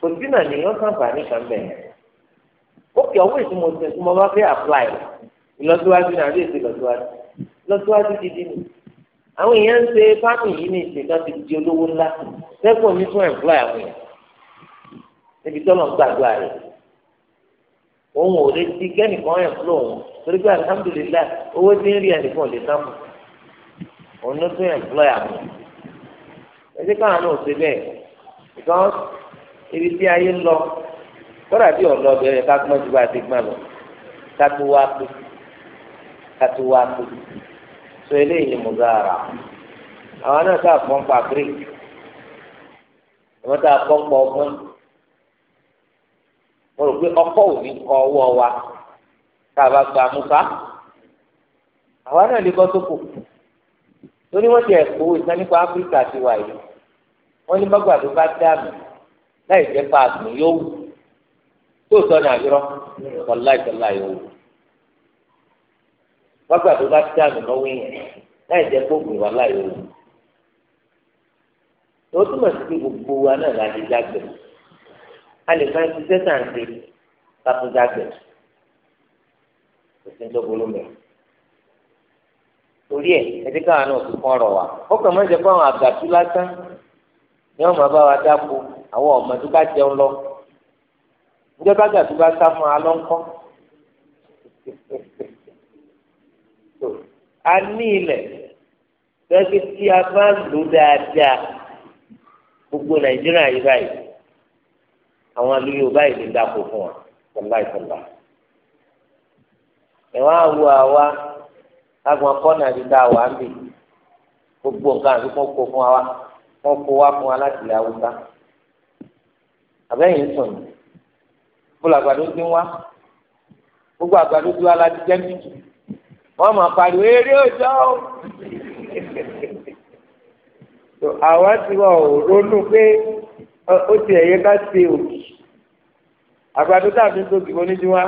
kò sí náà nìyẹn sàǹfààní kan ókè ọwọ́ ìtumọ̀ ìtumọ̀ tí mo bá fẹ́ apply ìlọsíwájú náà àbí èsì ìlọsíwájú ìlọsíwájú gidi ni àwọn èèyàn ń ṣe fámì yìí ní ìṣèjọ́ ti di olówó ńlá sẹ́kùn mi fún ẹ̀mplọ́ àwọn èèyàn níbi tọ́lọ̀ ń gbàdúrà rẹ̀ òun ò lè ti kẹ́nìkan ẹ̀mplọ́ òun torí pé alhamdulillah owó tí ń rí ẹnìkan lè sáfù òun ló tún ẹ̀mplọ́ àwọn èèyàn ẹ̀ṣẹ̀ because ibi tí ayé ń lọ kódà bí ọ̀lọ́ bẹ̀rẹ̀ ká gbọ́n ju bá a ti gbọ́n lọ ká tó wá pé ká tó wá pé so eléyìí mo gbà rà àwọn náà sá fọ́n pa greek àwọn tá a fọ́n pa ọgbọ́n mo rò pé ọkọ ò kọ ọwọ́ wa tá a bá gba musa àwa náà lè bọ́ sóko torí wọ́n ti ẹ̀kọ́ ìtàn nípa áfíríkà ti wà yìí wọ́n ní bá dà mí láì jẹ́ pa yóò wù tó sọ ní àbúrò wàláì tọ́lá yòówù wágbà tó bá ti àmì lọ́wọ́ yẹn láì jẹ́ kóògùn wàláì yòówù tó túmọ̀ sí pé gbogbo wa náà la ti dàgbẹ̀ a lè máa ti sẹ́sà ń ṣe ká tó dàgbẹ̀ kò sí ní tó mi torí ẹ ẹdí káwọn náà ti kọ́ ọ̀rọ̀ wa ó kàn máa jẹ fún àwọn àgàtú lásán ni wọ́n máa bá wa dáko àwọn ọ̀mọ̀dúkà jẹun lọ ǹjẹ́ bájà tó bá sá fún alọ́ ńkọ́ a ní ilẹ̀ gẹ́gẹ́ tí a bá lò dáadáa gbogbo nàìjíríà yìí báyìí àwọn àlù yorùbá yìí lè dáko fún wa sọlá ìsọlá ẹ̀wọ̀n àwọ̀ àwa agbọn kọ́nà àti tá a wà ń bì gbogbo nǹkan àti kó kó fún wa wọ́n kó wá fún wa láti ilẹ̀ haúsá àbẹ́yìn sùn ní bọ́lá àgbàdo ti ń wá gbogbo àgbàdo ti wá láti jẹ́ mi wọ́n máa pariwo eré òjò o tó àwa ti wọ ronú pé ó ti ẹ̀yẹ ká ṣe òkì àgbàdo tàbí tóbi onídìíwá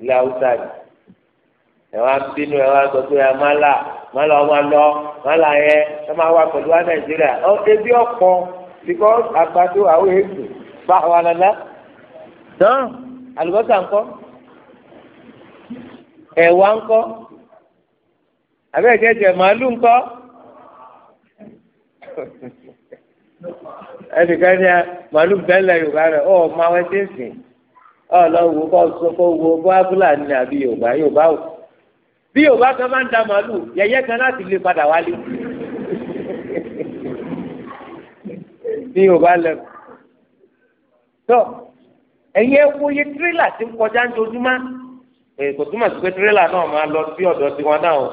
ilé haúsá ni ẹ wá bínú ẹ wá sọ pé ẹ má là má lọ má lọ má là yẹn ẹ má wá pẹ̀lú wa nàìjíríà ọ ebi ọ̀pọ̀ because àgbàdo àwọn èèkù bá wa lọ lẹ́ dán àlùbọ́sà ńkọ́ ẹ̀wà ńkọ́ àbẹ́ẹ̀kẹ́jẹ màálù ńkọ́ ẹnìkan ní màálù bẹ́ẹ̀lẹ̀ yorùbá rẹ̀ ọ̀ ma wọ́n ti ń sìn ọ̀ lọ wò kọ́ sọ kó wo bó fúlàní àbí yorùbá yorùbá o bí yorùbá kan máa da màálù yẹyẹ kan láti lè padà wálé bí yorùbá lẹ tó ẹ̀yin ẹ̀kú yẹ tírélà ti ń kọjá ń dojúmọ́ kò túmọ̀ sí pé tírélà náà máa lọ sí ọ̀dọ̀ tiwọn náà o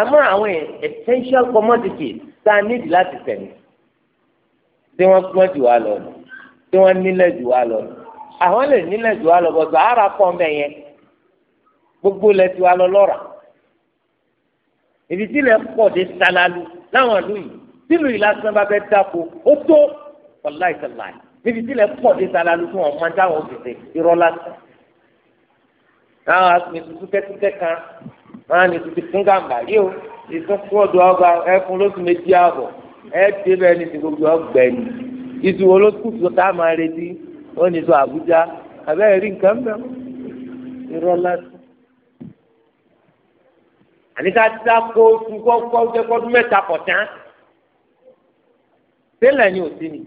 àmọ́ àwọn essential commodity tá a nídìí láti tẹ̀lé tí wọ́n pọ́n jù wá lọ tí wọ́n nílẹ̀ jù wá lọ àwọn lè nílẹ̀ jù wá lọ bọ̀ sàárà pọ̀ mẹ́yẹn gbogbo lẹ ti wá lọ lọ́ra ibi tí lẹ pọ̀ dé salalu láwọn ìlú yìí sílùú ìlàsán bá fẹ́ dáko ó tó wàláì sàlàyé níbi tí ilẹ̀ pọ̀ dé sara lu fún ọmọ táwọn òṣìṣẹ́ irọ́ lásán náà àtúntò túkẹ́túkẹ́ kan wọn á ní tuntun fún gàmbá yìí o ìsọfúnwọ́dù ọgbà ẹfun lóṣù méjì ààbọ̀ ẹ ti bẹ́ẹ̀ ní ti gbogbo ọgbẹ́ni ìṣòwò olókùtù tá a máa retí ó ní sọ Àbújá àbẹ́ẹ̀ rí nǹkan bẹ́ẹ̀ irọ́ lásán àníká dá kó tún kọ́ kọ́ jẹ́ kọ́dún mẹ́ta pọ̀ tán tẹ́lẹ̀ ni ò sí ni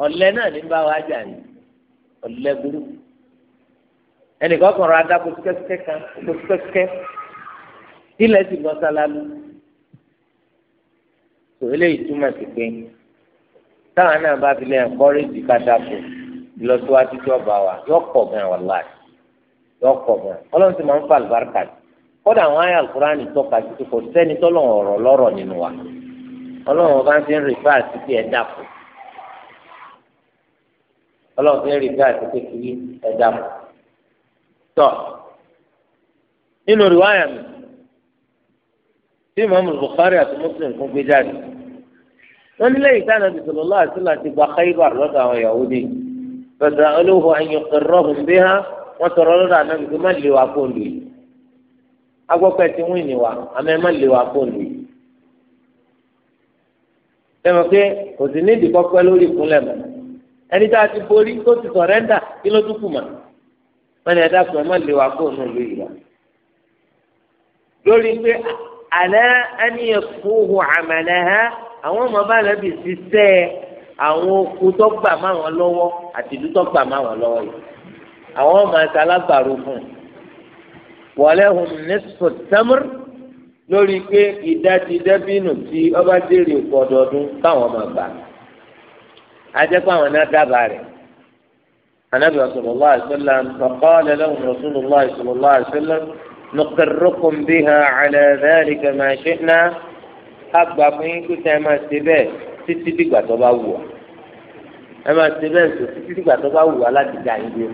ọ̀lẹ náà ní bá wa jà yìí ọ̀lẹ burúkú ẹnìkan kan rọ adá kótókẹ́kẹ́ kan kótókẹ́kẹ́ ilẹ̀ sì gbọ́ sálámù tó eléyìí túmọ̀ sí pé táwọn náà bá fi lè ẹ̀ńkọ́rẹ́jì kátàkù ìlọsíwájú tí ọba wa yọ pọ̀ gan wà láì yọ pọ̀ gan ọlọ́run ti máa ń fa àlùbáríkà jù kódà àwọn àyà alukurani tọ́ka sí kò sẹ́ni tọ́lọ̀ ọ̀rọ̀ lọ́rọ̀ nínú wa ọlọ́run ọba ti ń rìfáàsì pé ẹ dàpọ̀ ọlọ́run fẹ́ẹ́ rí bí àti kékeré ẹ̀dá mọ́. tọ́ nínú rìwáyà mi tí imaamu Bukhari àti Muslim fún gbé jáde wọ́n ní lẹ́yìn tí Ànábì sallallahu alaihi wasallam ti gba Khaybar lọ́dọ̀ àwọn Yahudi bàtà olóhùn ayọ̀kẹ̀rọ̀hùn bí hàn wọ́n tọrọ lọ́dọ̀ Ànábì tó má lè wá kó lù agbọ́pẹ́ ti wí ni wa àmọ́ ẹ má lè wá kó lù yìí lẹ́mọ̀ pé kò sí nídìí kọ́kọ́ lórí ìkúnlẹ̀ mọ́ ẹni tá a ti borí tó ti sọ̀rẹ́ndà kí ló tún kù mà wọn ni ẹ dákun ẹ má lè wá kó òun lóyè wa lórí pé àlẹ́ ẹni ẹ̀kúhu àmàlẹ́ ha àwọn ọmọ bá lẹ́bi ṣiṣẹ́ àwọn oko tó gbà má wọn lọ́wọ́ àti ìlú tó gbà má wọn lọ́wọ́ yìí àwọn ọmọ ẹ̀ta alágbàro fún un wọlé hùn nísò tẹ́múr lórí pé ìdá ti tí ọba dèrè ọ̀pọ̀ ọdọọdún káwọn ọmọ gbà ajẹ́ pé àwọn náà dábàá rẹ̀ anabi sallallahu alaihi wasallam faqala lahum rasulullah sallallahu alaihi wasallam nuqirrukum biha ala dhalika ma shi'na àgbà fún yín kí sẹ́yìn máa ṣe bẹ́ẹ̀ títí dìgbà tó bá wù ọ́ ẹ máa ṣe bẹ́ẹ̀ sọ títí dìgbà tó bá wù ọ́ láti dà yín dé.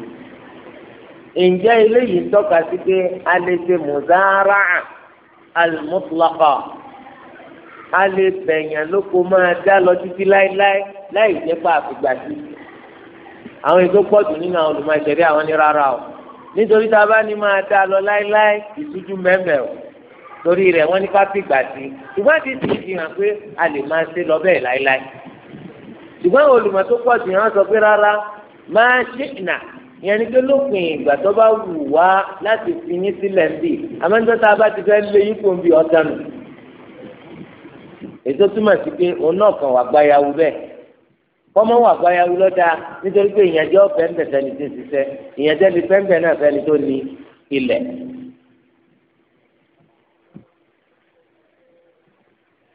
ǹjẹ́ eléyìí ń tọ́ka sí pé a lè ṣe mùsàárà al-mutlaqa. a lè bẹ̀yàn lóko máa dá lọ títí láéláé láì jẹ́ pa àfìgbà àwọn èso pọ̀jù nínú àwọn olùmọ̀ ìṣẹ̀lẹ̀ àwọn ní rárá nítorí tá a bá ní máa dá lọ láéláé ìtújú mẹ́mẹ́ o torí rẹ̀ wọ́n ní ká fìgbà sí fi pé a lè máa ṣe lọ bẹ́ẹ̀ ṣùgbọ́n olùmọ̀ tó pọ̀jù yẹn wọ́n sọ pé rárá máa ṣe ètò túmọ̀ sí pé òun náà kàn wà gbáyàwó bẹ́ẹ̀ kọ́mọ wà gbáyàwó lọ́dà nítorí pé ìyànjẹ́ ọ̀fẹ́ ń bẹ̀fẹ́ ni ti ń ṣiṣẹ́ ìyànjẹ́ ni pẹ́ńpẹ́ náà fẹ́ ni tó ní ilẹ̀.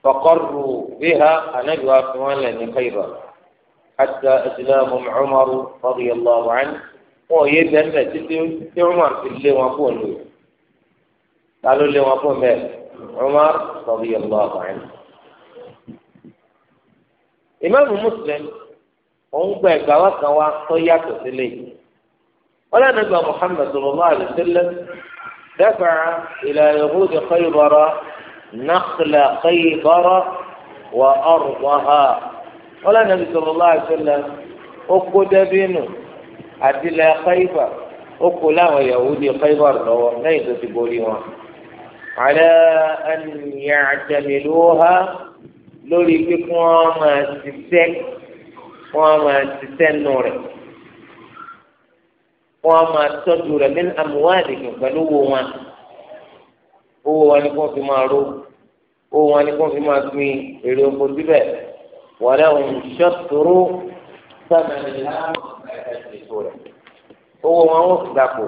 فقروا بها النبي صلى الله عليه خيرا حتى أسلمهم عمر رضي الله عنه ويبدأ أن عمر في الليل وقول له قالوا لي وقول عمر رضي الله عنه ìmáàmù mùsùlùmí òun gba ẹgbàá wa kan wa tó yàtọ̀ sílẹ̀ yìí wọ́n ànágbà muhammed sallallahu alayhi wa sallam dafa'a ila yahudi khaybara nakhla khaybara wa ardaha wọ́n ànágbà sallallahu alayhi wa sallam ó kó dẹ́bínú àti ilẹ̀ khaybar láwọn yahudi khaybar lọ́wọ́ lẹ́yìn tó borí wọn. ala an ya'tamiluha lórí pé kí wọ́n máa ṣiṣẹ́ kí wọ́n máa ṣiṣẹ́ nù rẹ̀ kí wọ́n máa tọ́jú rẹ̀ nínú àmúwádìí pẹ̀lú owó wọn owó wọn ni kí wọ́n fi máa ró owó wọn ni kí wọ́n fi máa gbin èrè oko síbẹ̀ wọ́n lẹ́ òun ṣọ́tòrò sábàá ní rẹ̀ owó wọn ò fi dàpọ̀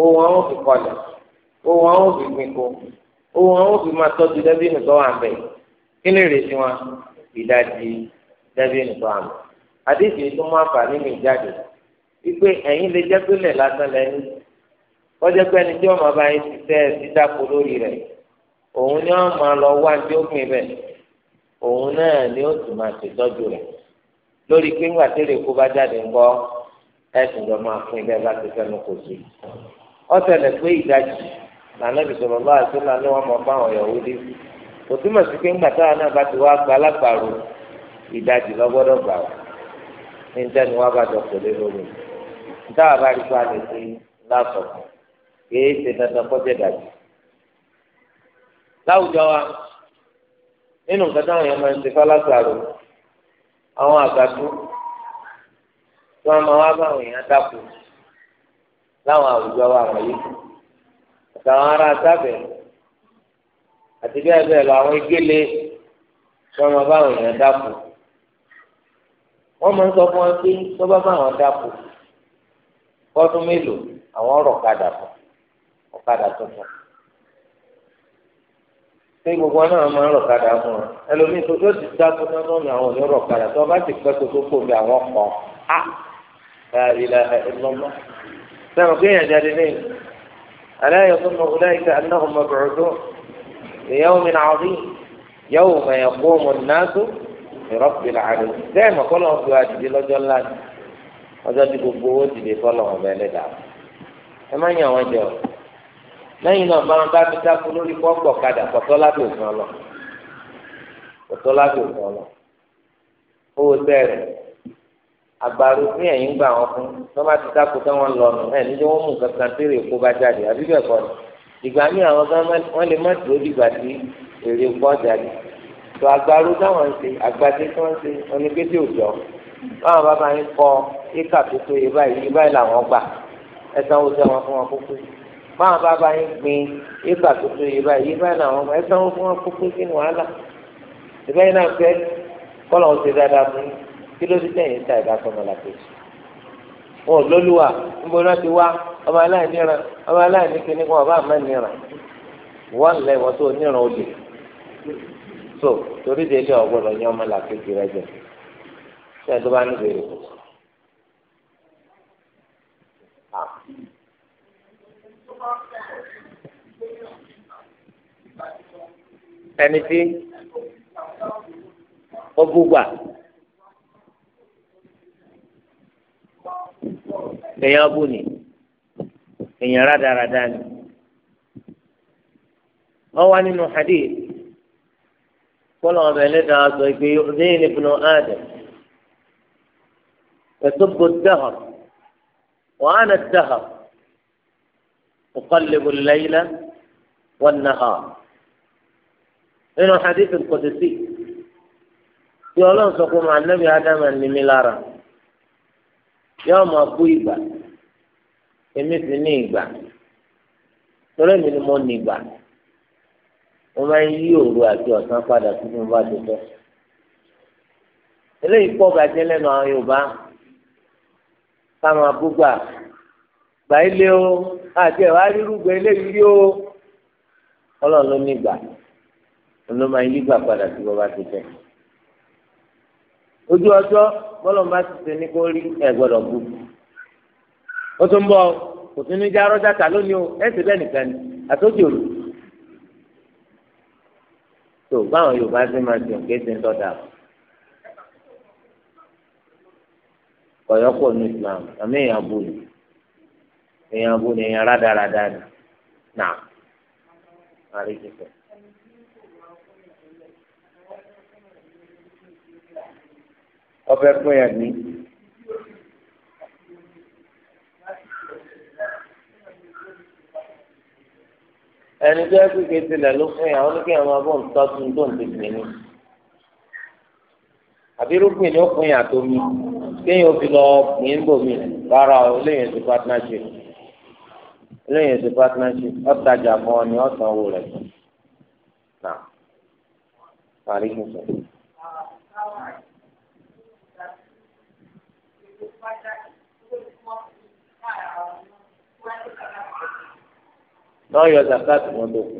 owó wọn ò fi kọlẹ̀ owó wọn ò fi gbìn kó owó wọn ò fi máa tọ́jú dẹ́bí nìkan wà bẹ́ẹ̀. kí ni ìrètí wọn ìdajì dẹ́bí nìkan àmì àdéhùn tó mú àǹfààní mi jáde wípé ẹ̀yin lè jẹ́ pélé lásán lẹ́nu kọjá pé ẹni tí máa bá yín ti dídáko lórí rẹ̀ òun ni wọ́n máa lọ wá òun náà ni ó sì máa ṣètọ́jú rẹ̀ lórí pé ńgbà tẹ́lẹ̀ kó bá jáde ńkọ́ ẹ̀sùn lọ máa pin bẹ́ẹ̀ bá ti fẹ́nu kò sí. pé ìdajì àti kò túmọ̀ sí pé ńgbà táwa náà bá ti wá gba alágbàro ìdajì lọ́gbọ́dọ̀ gbà wá ní ìtẹ́ni wá bá jọ pèlè lórí ìtawà bá rí pa lè ṣe lásọ̀kan kìí ṣe dandan kọ́jẹ́ dàjì. láwùjọ wa nínú nǹkan táwọn èèyàn máa ń ṣe fálágbàro àwọn àgbàdo tí wọ́n máa wá báwọn èèyàn dákú láwọn àwùjọ wa wọ̀nyí àtàwọn ará sábẹ̀ẹ́ àti bẹ́ẹ̀ bẹ́ẹ̀ lọ àwọn egéle tí wọ́n máa bá àwọn èèyàn dàpọ̀ wọ́n máa ń sọ fún wọn pé tó bá bá àwọn dàpọ̀ kọ́dún mélòó àwọn ọ̀rọ̀ kadà fún ọ̀kadà tuntun pé gbogbo náà máa ń rọ̀ kadà fún wọn ẹlòmíín tó tó ti dàpọ̀ náà lọ́nà àwọn òní rọ̀ kadà tó bá ti pẹ́ kótó kó bí àwọn kọ̀ á láàrínlá ẹ̀ẹ́dọ́gbọ́n sẹ́wọ̀n kéèyàn jáde lẹ́yìn aláyọ̀ tó mọ yawmin azim yawma yaqumu an-nasu li rabbil alamin bẹ́ẹ̀ mọ̀ kọ́lọ́ fi wá dìde lọ́jọ́ ńlá ni ọjọ́ tí gbogbo owó dìde kọ́lọ́ ọ̀bẹ lẹ́dà ẹ má yàn wọ́n jẹ o lẹ́yìn náà bá wọn bá fi dákú lórí pọ́pọ̀ kadà pọ̀tọ́ lábẹ́ òfin ọlọ pọ̀tọ́ lábẹ́ òfin ọlọ owó bẹ́ẹ̀rẹ̀ àgbàrú fún ẹ̀yìn gbà wọn fún tọ́ bá ti dákú tọ́ wọn lọ nù ẹ̀ níjẹ́ wọn mú nǹkan kan tẹ́lẹ̀ kó bá jáde àbí bẹ́ẹ̀ kọ́ ni ìgbà míì àwọn gan wọn lè má dúró dìgbà tí èrè pọ̀ jáde tó agbárò táwọn ń ṣe àgbàdé tí wọ́n ń ṣe onígbèsè òjò báwọn bàbá yín kọ éka tó tó yé báyìí yé báyìí làwọn gbà ẹ̀sán wo sẹ́wọ̀n fún wọn kókó báwọn bàbá yín gbin éka tó tó yé báyìí yé báyìí làwọn gbà ẹ̀sán fún wọn kókó kí ni wàhálà ìbẹ́yìn náà fẹ́ kọ́lọ̀ ń ṣe dáadáa fún kí ló ti tẹ̀yìn ta ìdásọ́nà wọn a lóluwà níbo náà ti wá ọba aláìníran ọba aláìníkíní kan ọba àmọ́nìran wọ́n lẹ̀ wọ́n tó níran so torí délé ọ̀gbọ́dọ̀ ní ọmọ làkejì rẹ jẹ ṣé ẹ tó bá níbi èrè ẹni tí ó èèyàn bù ní èèyàn rádaràda ni ó wà nínú hadith kọlọ ọbẹ ẹlẹdàá sọ pé ọdún ibnu adam يسب الدهر وأنا الدهر أقلب الليل والنهار إنه حديث القدسي يقولون سقوم عن النبي آدم النمي لارا ya máa bu ìgbà èmi sì ní ìgbà torí èmi ni mo ní ìgbà mo máa ń yí òru àti ọ̀sán padà tí mo bá ti eléyìí pọ̀ bàjẹ́ lẹ́nu àwọn Yorùbá káwọn abúgbà gbà ilé o àti ẹ̀wá rírúgbìn eléyìí rí o Ọlọ́run ló ní ìgbà ló máa ń yí ìgbà padà ojú ọjọ́ bọ́lọ̀mbá ti ṣe ní kó rí ẹ̀gbọ́dọ̀ bu ó tún bọ̀ kò tún ní já rọ́jà tà lónìí o ẹ̀sìn bẹ́ẹ̀ nìkan ni àtọ́jú òru tó báwọn Yorùbá ṣe máa jẹun kéde ń tọ́jà ọ̀yọ́pọ̀ ní Islam àmì èèyàn bù ní èèyàn bù ní èèyàn rádaràdà ní nà àríkìsọ̀. ọbẹ̀ pín yẹn ní. ẹni tó yẹ kó ike tilẹ̀ ló fún yàrá oníkẹ́ àwọn abọ́ ń tọ́jú tó ń tètè ní. àbí irúgbìn ni ó fún yàrá tó mi kéèyàn ó fi lọ pín in bò mí rárá o lẹ́yìn ètò partnership lẹ́yìn ètò partnership ọ̀tajà kan ni ọ̀sán owó rẹ̀. Nah, paling mungkin. lọ́yọ̀ zakati wọn tó kù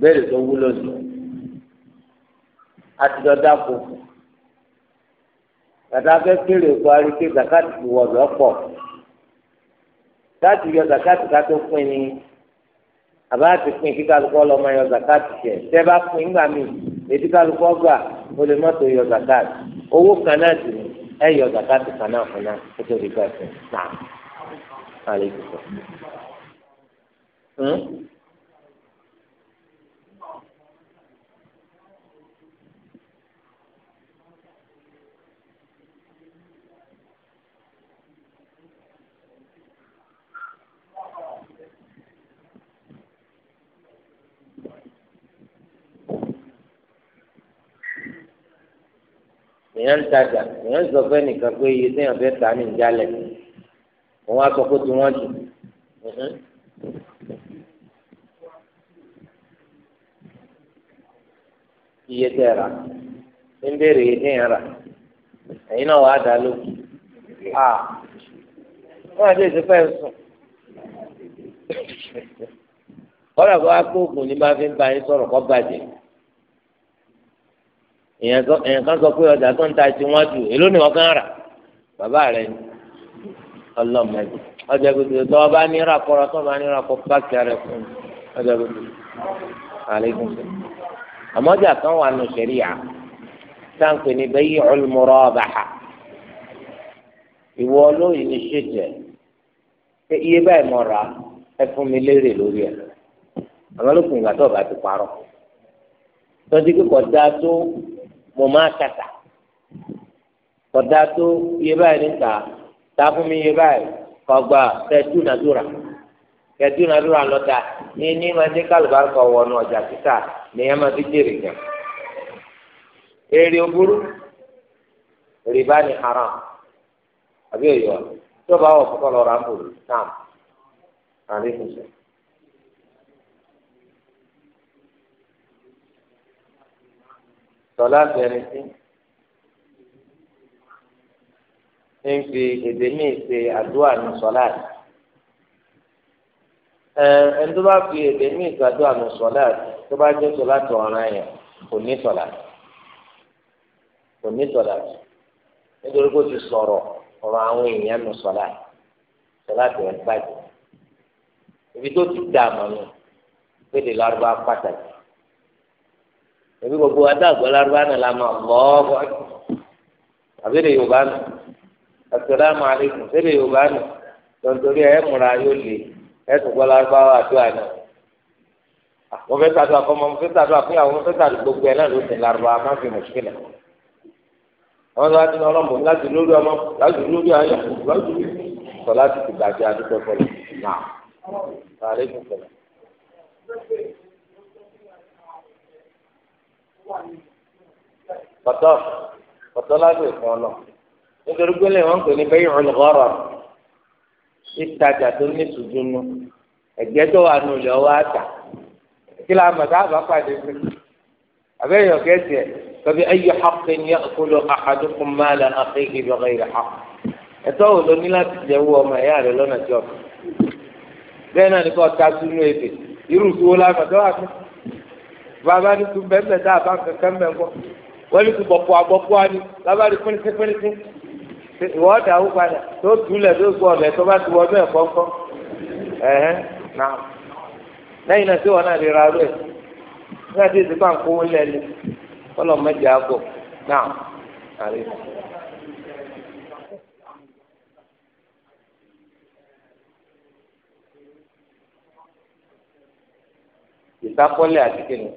bẹ́ẹ̀ tó wúlò ní atidọ́dá kù tata fẹ́ kéré kó arike zakati ti wọ̀ lọ́pọ̀ láti yọ zakati ká tó pín ní àbá ti pín kí kálukọ́ lọ́ máa yọ zakati jẹ tẹ́ bá pín gbà mí ètí kálukọ́ gbà ó lè mọ́tò yọ zakati owó kan náà dì ní ẹ yọ zakati kan náà fún náà kó tó di ká ẹsẹ̀ náà. Hmm? èèyàn ń tajà èèyàn ń sọ fẹ́ nìkan pé iye téèyàn fẹ́ tà ní ìjálẹ̀ wọn á sọ pé tí wọ́n jù hmm? iye tẹ ra ń béèrè iye tẹ̀yìn ra ẹ̀yin náà wàá dá lóko a wọ́n àti èsì fẹ́ sùn kọ́lá bá kó oògùn ní máa fi ń ba yín sọ̀rọ̀ kọ́ bàjẹ́ èèyàn kan sọ pé ọjà tó ń ta ti wọ́n jù èló ni wọ́n kàn rà bàbá rẹ ni ọlọ́mọdé ọjà gbèsè tó ọba ní ìràkọ́ra tó ní fún un ọjà gbèsè àlékún àmọ́jà kan wà nù sẹ́ríà sáǹpé ní bẹ́yì ọlùmọ́rọ́ ọ̀bàhà ìwọ olóyìn ní ṣèjẹ pé iye báyìí mọ̀ ra ẹ fún mi lérè lórí ẹ̀ àwọn olókùn ìgbà tó ọba ti parọ́ tọ́jú pé kọ̀dá tó mo máa kàtà kọ̀dá tó iye báyìí níta tá fún mi iye báyìí kọ̀gbà tẹ̀ tú nàdúrà kẹdúnadúrà lọta ní ní màdé kálùbárùkọ wọnú ọjà títà nìyẹn máa fi jèrè gan èrè òbúrú rìbá ni haram àbí òyò tó bá wọ kókó lọrọ àmbòlù náà àbí kùsùn. sọlá bẹ̀rẹ̀ sí ń fi èdè míì ṣe àdúrà ní sọlá ẹni tó bá fi èdè ní ìgbàdo àmì sọlá tó bá jẹ sọlá tó ọ̀ràn yẹn kò ní sọlá kò ní sọlá nítorí kó ti sọ̀rọ̀ ọ̀rọ̀ àwọn èèyàn nù sọlá sọlá tó ẹ bàjẹ́ ibi tó ti dà mọ nù péde lárúbá pàtàkì ebi gbogbo adáàgbọ lárúbá náà la máa lọ́ọ́ àbẹ̀rẹ̀ yorùbá nù asàlámù alaykum àbẹ̀rẹ̀ yorùbá nù tọ́ntorí ẹ̀ múra yóò lè ẹtùn gbọ́ lárúbáwá àdúrà náà mo fẹ́ sàdúrà fún ọmọ mo fẹ́ sàdúrà fún ìyàwó mo fẹ́ sàdúrà gbogbo ẹ̀ náà ló sì lárúbáwá má fi mùsùlùmí lẹ̀ àwọn tó bá ti ní ọlọ́mọ láti lórí ọmọ láti lórí ayọ̀ láti lórí sọ láti ti gbàgbé adúgbò fọlọ náà sàrẹ́ kù fọlọ. pọtọ pọtọ láti ìfún ọlọ nítorí pé wọn pè ní bẹ́ẹ̀ ìrọ̀lùkọ́ ìtajà tó ní ìtùdúnú ẹ̀gbẹ́ tó wà nù lọ wá tà kí la mọ̀ sábà pàdé fún abẹ́yẹn kẹsì ẹ̀ tọ́bi ayé xaqin yẹ kúló àhàdùkùn máàlà àkéèké bẹ̀rẹ̀ yẹ xaq ẹ̀tọ́ wo ló ní láti jẹ́ wọ ọmọ ẹ̀yà rẹ lọ́nà tí ọ̀tún bẹ́ẹ̀ náà ní kò ta ebè irú ìṣòwò la mọ̀ tó wà bàbá ní tún bẹ́ẹ̀ bẹ́ẹ̀ tá a bá kankan bẹ́ẹ̀ kọ́ wọ́n ní tún bọ̀pọ̀ àbọ̀pọ̀ á ní ní pínpín pínpín ìwọ ọ̀dà ó padà tó túlẹ̀ tó gbọ́ ọ̀bẹ tó bá tu wọ́dún ẹ̀ kọ́kọ́ ẹ̀hẹ́ nà lẹ́yìn náà tí wọn náà lè ra rẹ̀ nígbà tí èsì pàǹkó ń lẹ̀ ni kọ́lọ̀ mẹ́jẹ àgọ̀ nà àrí. ìsákọ́lẹ̀ àti kìnnìún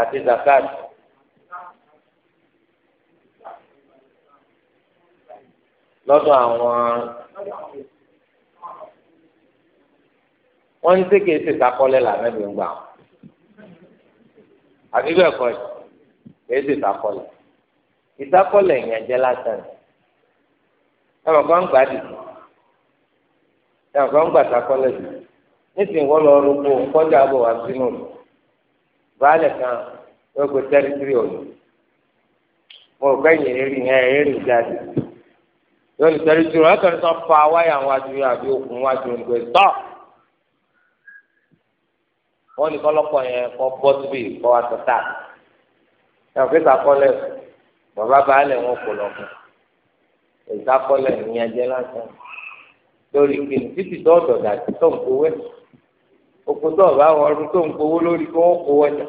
àti zakat. lọ́dọ̀ àwọn wọ́n ní sékè ṣe sakọ́lẹ̀ làmẹ́bí ń gbà wọ́n àbí bẹ́ẹ̀ kọ́ ẹ̀ ṣe sakọ́lẹ̀ ìsakọ́lẹ̀ yẹn jẹ́ lásán ẹ̀ mọ̀ kọ́ ń gbà dìbò ẹ̀ mọ̀ kọ́ ń gbà sakọ́lẹ̀ dìbò nísìnyí wọ́n lọ rúgbó kọjá bò wá sínú rẹ̀ kan wọ́n mo jáde. yóò lè sẹ́rí jùlọ ẹ̀kọ́ ní sọ fa wáyà wájú yóò àbí okùn wájú nígbà tó. wọ́n ní kọ́lọ́pọ̀ yẹn kọ́ bọ́ síbi kọ́ wa tọ́ta. ẹ̀ fi sàkọ́lẹ̀ bàbá baálẹ̀ wọn kò lọ fún un. ìsàkọ́lẹ̀ ìyẹn jẹ́ lásán. lórí kìnnì títí tó ọ̀dọ̀ dàtí tó ń gbowó ẹ̀. oko tó ọ̀bá wọn ọdún tó ń gbowó lórí kó wọ́n kó wọ́n jà.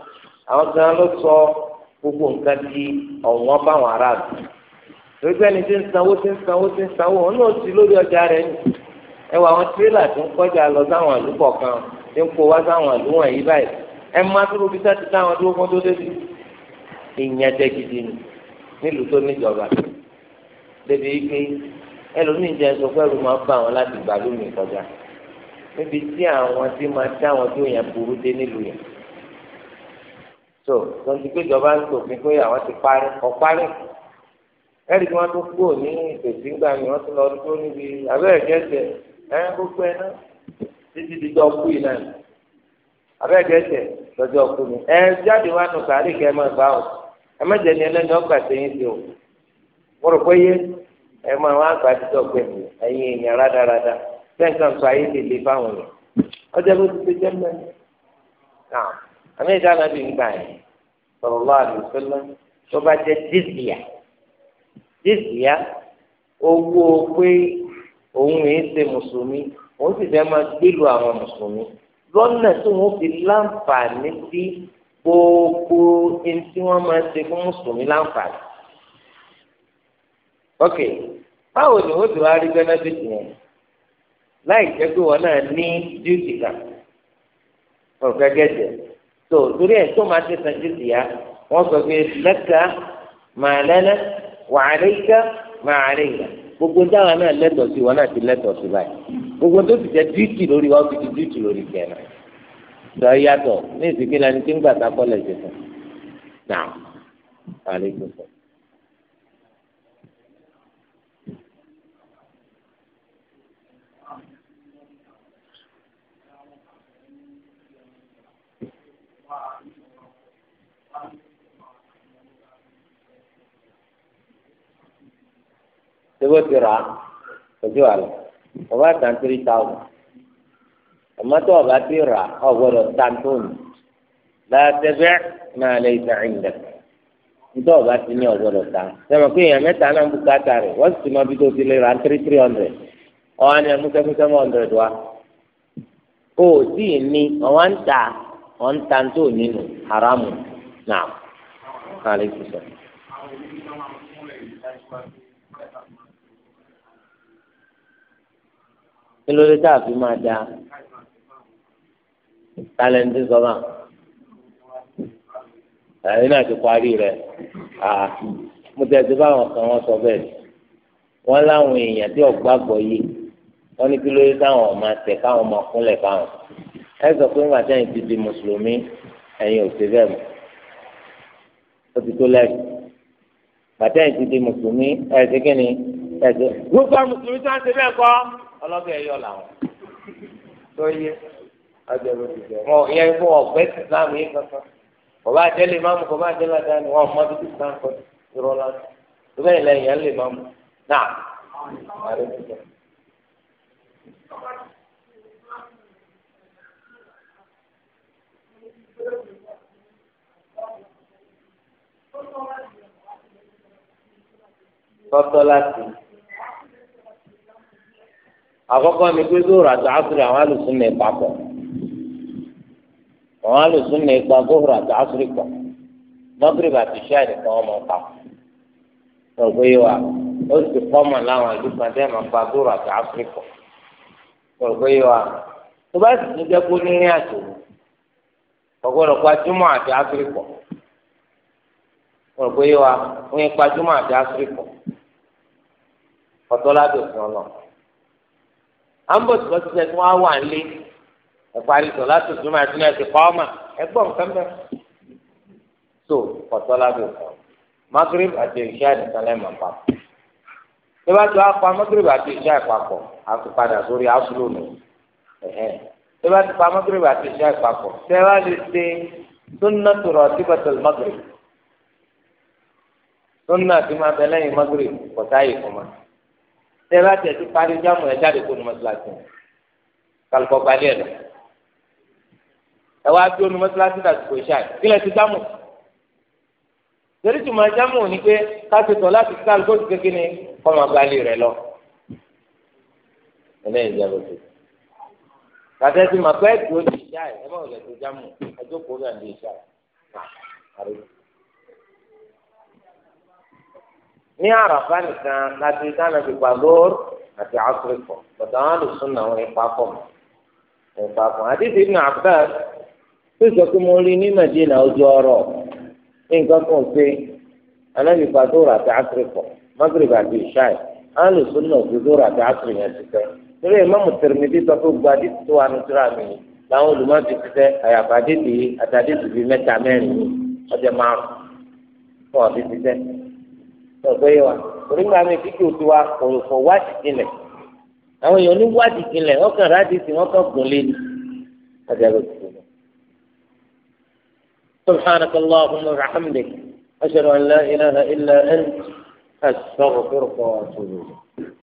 àwọn gbogbo ẹni tí ń sanwó tí ń sanwó tí ń sanwó òun náà ti lórí ọjà rẹ̀ ni ẹ wọ àwọn tirẹ́là tó ń kọjá lọ sáwọn ìlú kọ̀ọ̀kan tí ń kó wá sáwọn ìlú wọ̀nyí báyìí ẹ má tó rúbi sá ti táwọn dúró fún tó débi ìyẹn jẹ gidi ni nílùú tó níjọba débi ike ẹlòmíín jẹ sọ fẹ́ẹ́ ló máa bá wọn láti gbà lómi kọjá níbi tí àwọn tí máa dá àwọn tó yẹn burú dé nílùú yẹn so tó ń ti pé ìjọba ń sòfin pé àwọn ti parí ọ̀ parí ẹ̀rí tí wọ́n tún kú ní ìpèsè ńgbà lọ dúró níbi abẹ́rẹ́ gẹ́sẹ̀ títí kú yìí náà abẹ́rẹ́ gẹ́sẹ̀ lọ́jọ́ kú mi ẹ̀ jáde wá nù sàárì kẹ́ ẹ máa gbà ó ẹ má jẹ́ ni ẹlẹ́ni ọgbà sẹ́yìn sí o mo rò pé yé ẹ máa wá gbà dídọ́ pé mi ẹ̀yin èèyàn rádaràda sẹ́ǹkan sọ ayé lè le fáwọn yẹn ọjọ́ bó ti ṣe jẹ́ mẹ́rin náà àmì jésìá owó pé òun yìí ṣe mùsùlùmí òun sì fẹ́ máa gbélu àwọn mùsùlùmí lọ́nà tí wọ́n fi láǹfààní sí gbogbo ẹni tí wọ́n máa ṣe fún mùsùlùmí láǹfààní. ok báwo ni ó ti wá rí bẹ́nẹ́fìtì yẹn láì jẹ́ pé wọ́n náà ní díùtì kan ọ̀gá gẹ̀dẹ̀ tó torí ẹ̀ tó máa ṣe san jésìá wọ́n sọ pé lẹ́ka màálẹ́lẹ́ wà á rí ká mà á rí yà gbogbo dáhà náà lẹ́tọ̀ọ́ sí wọn náà ti lẹ́tọ̀ọ́ sí báyìí gbogbo tó ti jẹ́ díìtì lórí wọn ti di díìtì lórí tiẹ̀ náà sọ yàtọ̀ ní ìsìnkú lẹni tí ń gbà sákọ́lẹ̀ ṣe fún un náà àlékún fún un. síbò ti rà á ojú àlọ ọba tàn three thousand àmọ́ tó ọba ti rà á ọ̀gbọ́dọ̀ tàn tó nù látẹ̀bẹ́ máa lè sàrìn dẹ̀ nítorí ọba ti ní ọ̀gbọ́dọ̀ tàn sẹ́mi pé èèyàn mẹ́ta náà ń bu káta rẹ̀ wọ́n sì ti bí tó ti lè rà three three hundred ọ̀hún ni ẹ̀mú seven seven hundred wa o tí ì ní ọ̀wá ń ta ọ̀n ta tó nínú haramu náà kálí sísọ. Thank kí ló a fi máa da tálẹ́ǹtì sọ́mà ẹ̀rín náà ti parí rẹ̀ mo tẹ̀sí báwọn kan wọ́n sọ bẹ́ẹ̀ wọ́n láwọn èèyàn tí ọ̀gbàgbọ́ yìí wọ́n ní kí ló dé táwọn ọmọ tẹ̀ káwọn ọmọ kúnlẹ̀ káwọn ẹ sọ pé ńgbà tẹ́yìn ti di mùsùlùmí ẹ̀yin ò ṣe bẹ́ẹ̀ mọ́ ó ti tó lẹ́yìn gbàtẹ́yìn ti di mùsùlùmí ẹ̀ ṣe kí ni ẹ̀ ṣe. gbogbo mùsùlùmí tí ṣe bẹ́ẹ̀ kọ́ ọlọ́bẹ̀ ẹ̀yọ làwọn tó yé ajẹ́rò ti jẹ́ wọn ìyẹn fún ọ̀gbẹ́ ti sáàmù yín kankan bàbá àjẹlè máàmù bàbá àjẹlè àdáni wọn mọ títí sáǹkọ ìrọ̀ la tó bẹ́ẹ̀ lẹ́yìn yẹn lè máàmù náà àrẹ ti jẹ́. Tọ́tọ́ láti àkọ́kọ́ ni pé zoro àti asiri àwọn alùsùn ní ipa pọ̀ àwọn alùsùn ní ipa zoro àti asiri pọ̀ mọ́gírìbì àti ṣáà nìkan ọmọ pa ọ̀gbẹ́ wa ó sì kọ́mọ̀ láwọn àdúgbò àti ẹ̀mọ̀ pa zoro àti asiri pọ̀ ọ̀gbẹ́ wa tó bá sì ní jẹ́ kó ní rìn àjò ọ̀gbọ́dọ̀ pa júmọ̀ àti asiri pọ̀ ọ̀gbẹ́ wa wọ́n yẹ pa júmọ̀ àti asiri pọ̀ ọ̀tọ́ lábẹ́ òfin ọlọ́run. Ambos ń bọ̀ tí wọ́n ti sẹ́ tí wọ́n á wà ń lé ẹ̀fọ́ àrísọ̀ láti tún máa tún ẹ̀sìn pa ọmọ ẹgbọ́n nǹkan bẹ́ẹ̀. so ọ̀tọ́ lábẹ́ òkan magreb àti ìṣá ìdíkalẹ̀ máa pa tí wọ́n ti wá pa magreb àti ìṣá ìpapọ̀ àtúpadà sórí áṣúlò nù tí wọ́n ti pa magreb àti ìṣá ìpapọ̀ tí wọ́n lè ṣe sunna tòrọ̀ sí bàtàl magreb sunna ti máa bẹ lẹ́yìn magreb tẹ bá tẹ ti parí jáàmù ẹ jáde kó nu mọ́sálásí kálukọ gbalẹ ẹ lọ ẹ wá bí onu mọ́sálásí dàsìkò ìṣá ẹ kílẹ̀ ti jáàmù torí tùmọ̀ jáàmù ni pé kásìtọ̀ láti kálukọ ti kékeré ni kọ́mọ gbalẹ rẹ lọ ẹlẹ́yìn ìjà lọ́sẹ̀ kàtẹ́ ti màpẹ́ tó ìṣá ẹ ẹ má wọlé tó jáàmù ẹ jókòó rẹ̀ ní ìṣá ẹ. ní àràfà nìkan láti dáná fi pa lóòrò àti àkùrẹ́kọ̀ bàtà wọn lè sún àwọn ipa pọ̀ mọ́ ipa pọ̀ àdìsí ibn Abbas tó sọ pé mo rí ní Madina ojú ọrọ̀ nǹkan kan ṣe anábì pa lóòrò àti àkùrẹ́kọ̀ Maghrib àti ìṣáì àwọn lè sún náà fi lóòrò àti àkùrẹ́kọ̀ yẹn ti tẹ́ torí Imamu Tirmidhi sọ pé gba àdìsí tó wà ní mi làwọn olùmọ̀tì ti tẹ́ àyàfà àdìsí àtàdìsí bíi mẹ́ta mẹ́rin ọjọ́ márùn-ún fún ọ̀dìsí tọgbẹ yẹ wa onígbà mi fíkì òtún wa kò wádìí jinlẹ̀ àwọn èèyàn ní wádìí jinlẹ̀ ọkàn rádi sí wọn kàn gùn lé ní àdàlù tó lọ. سبحانك اللهم وبحمدك أشهد أن لا إله إلا أنت أستغفرك وأتوب إليك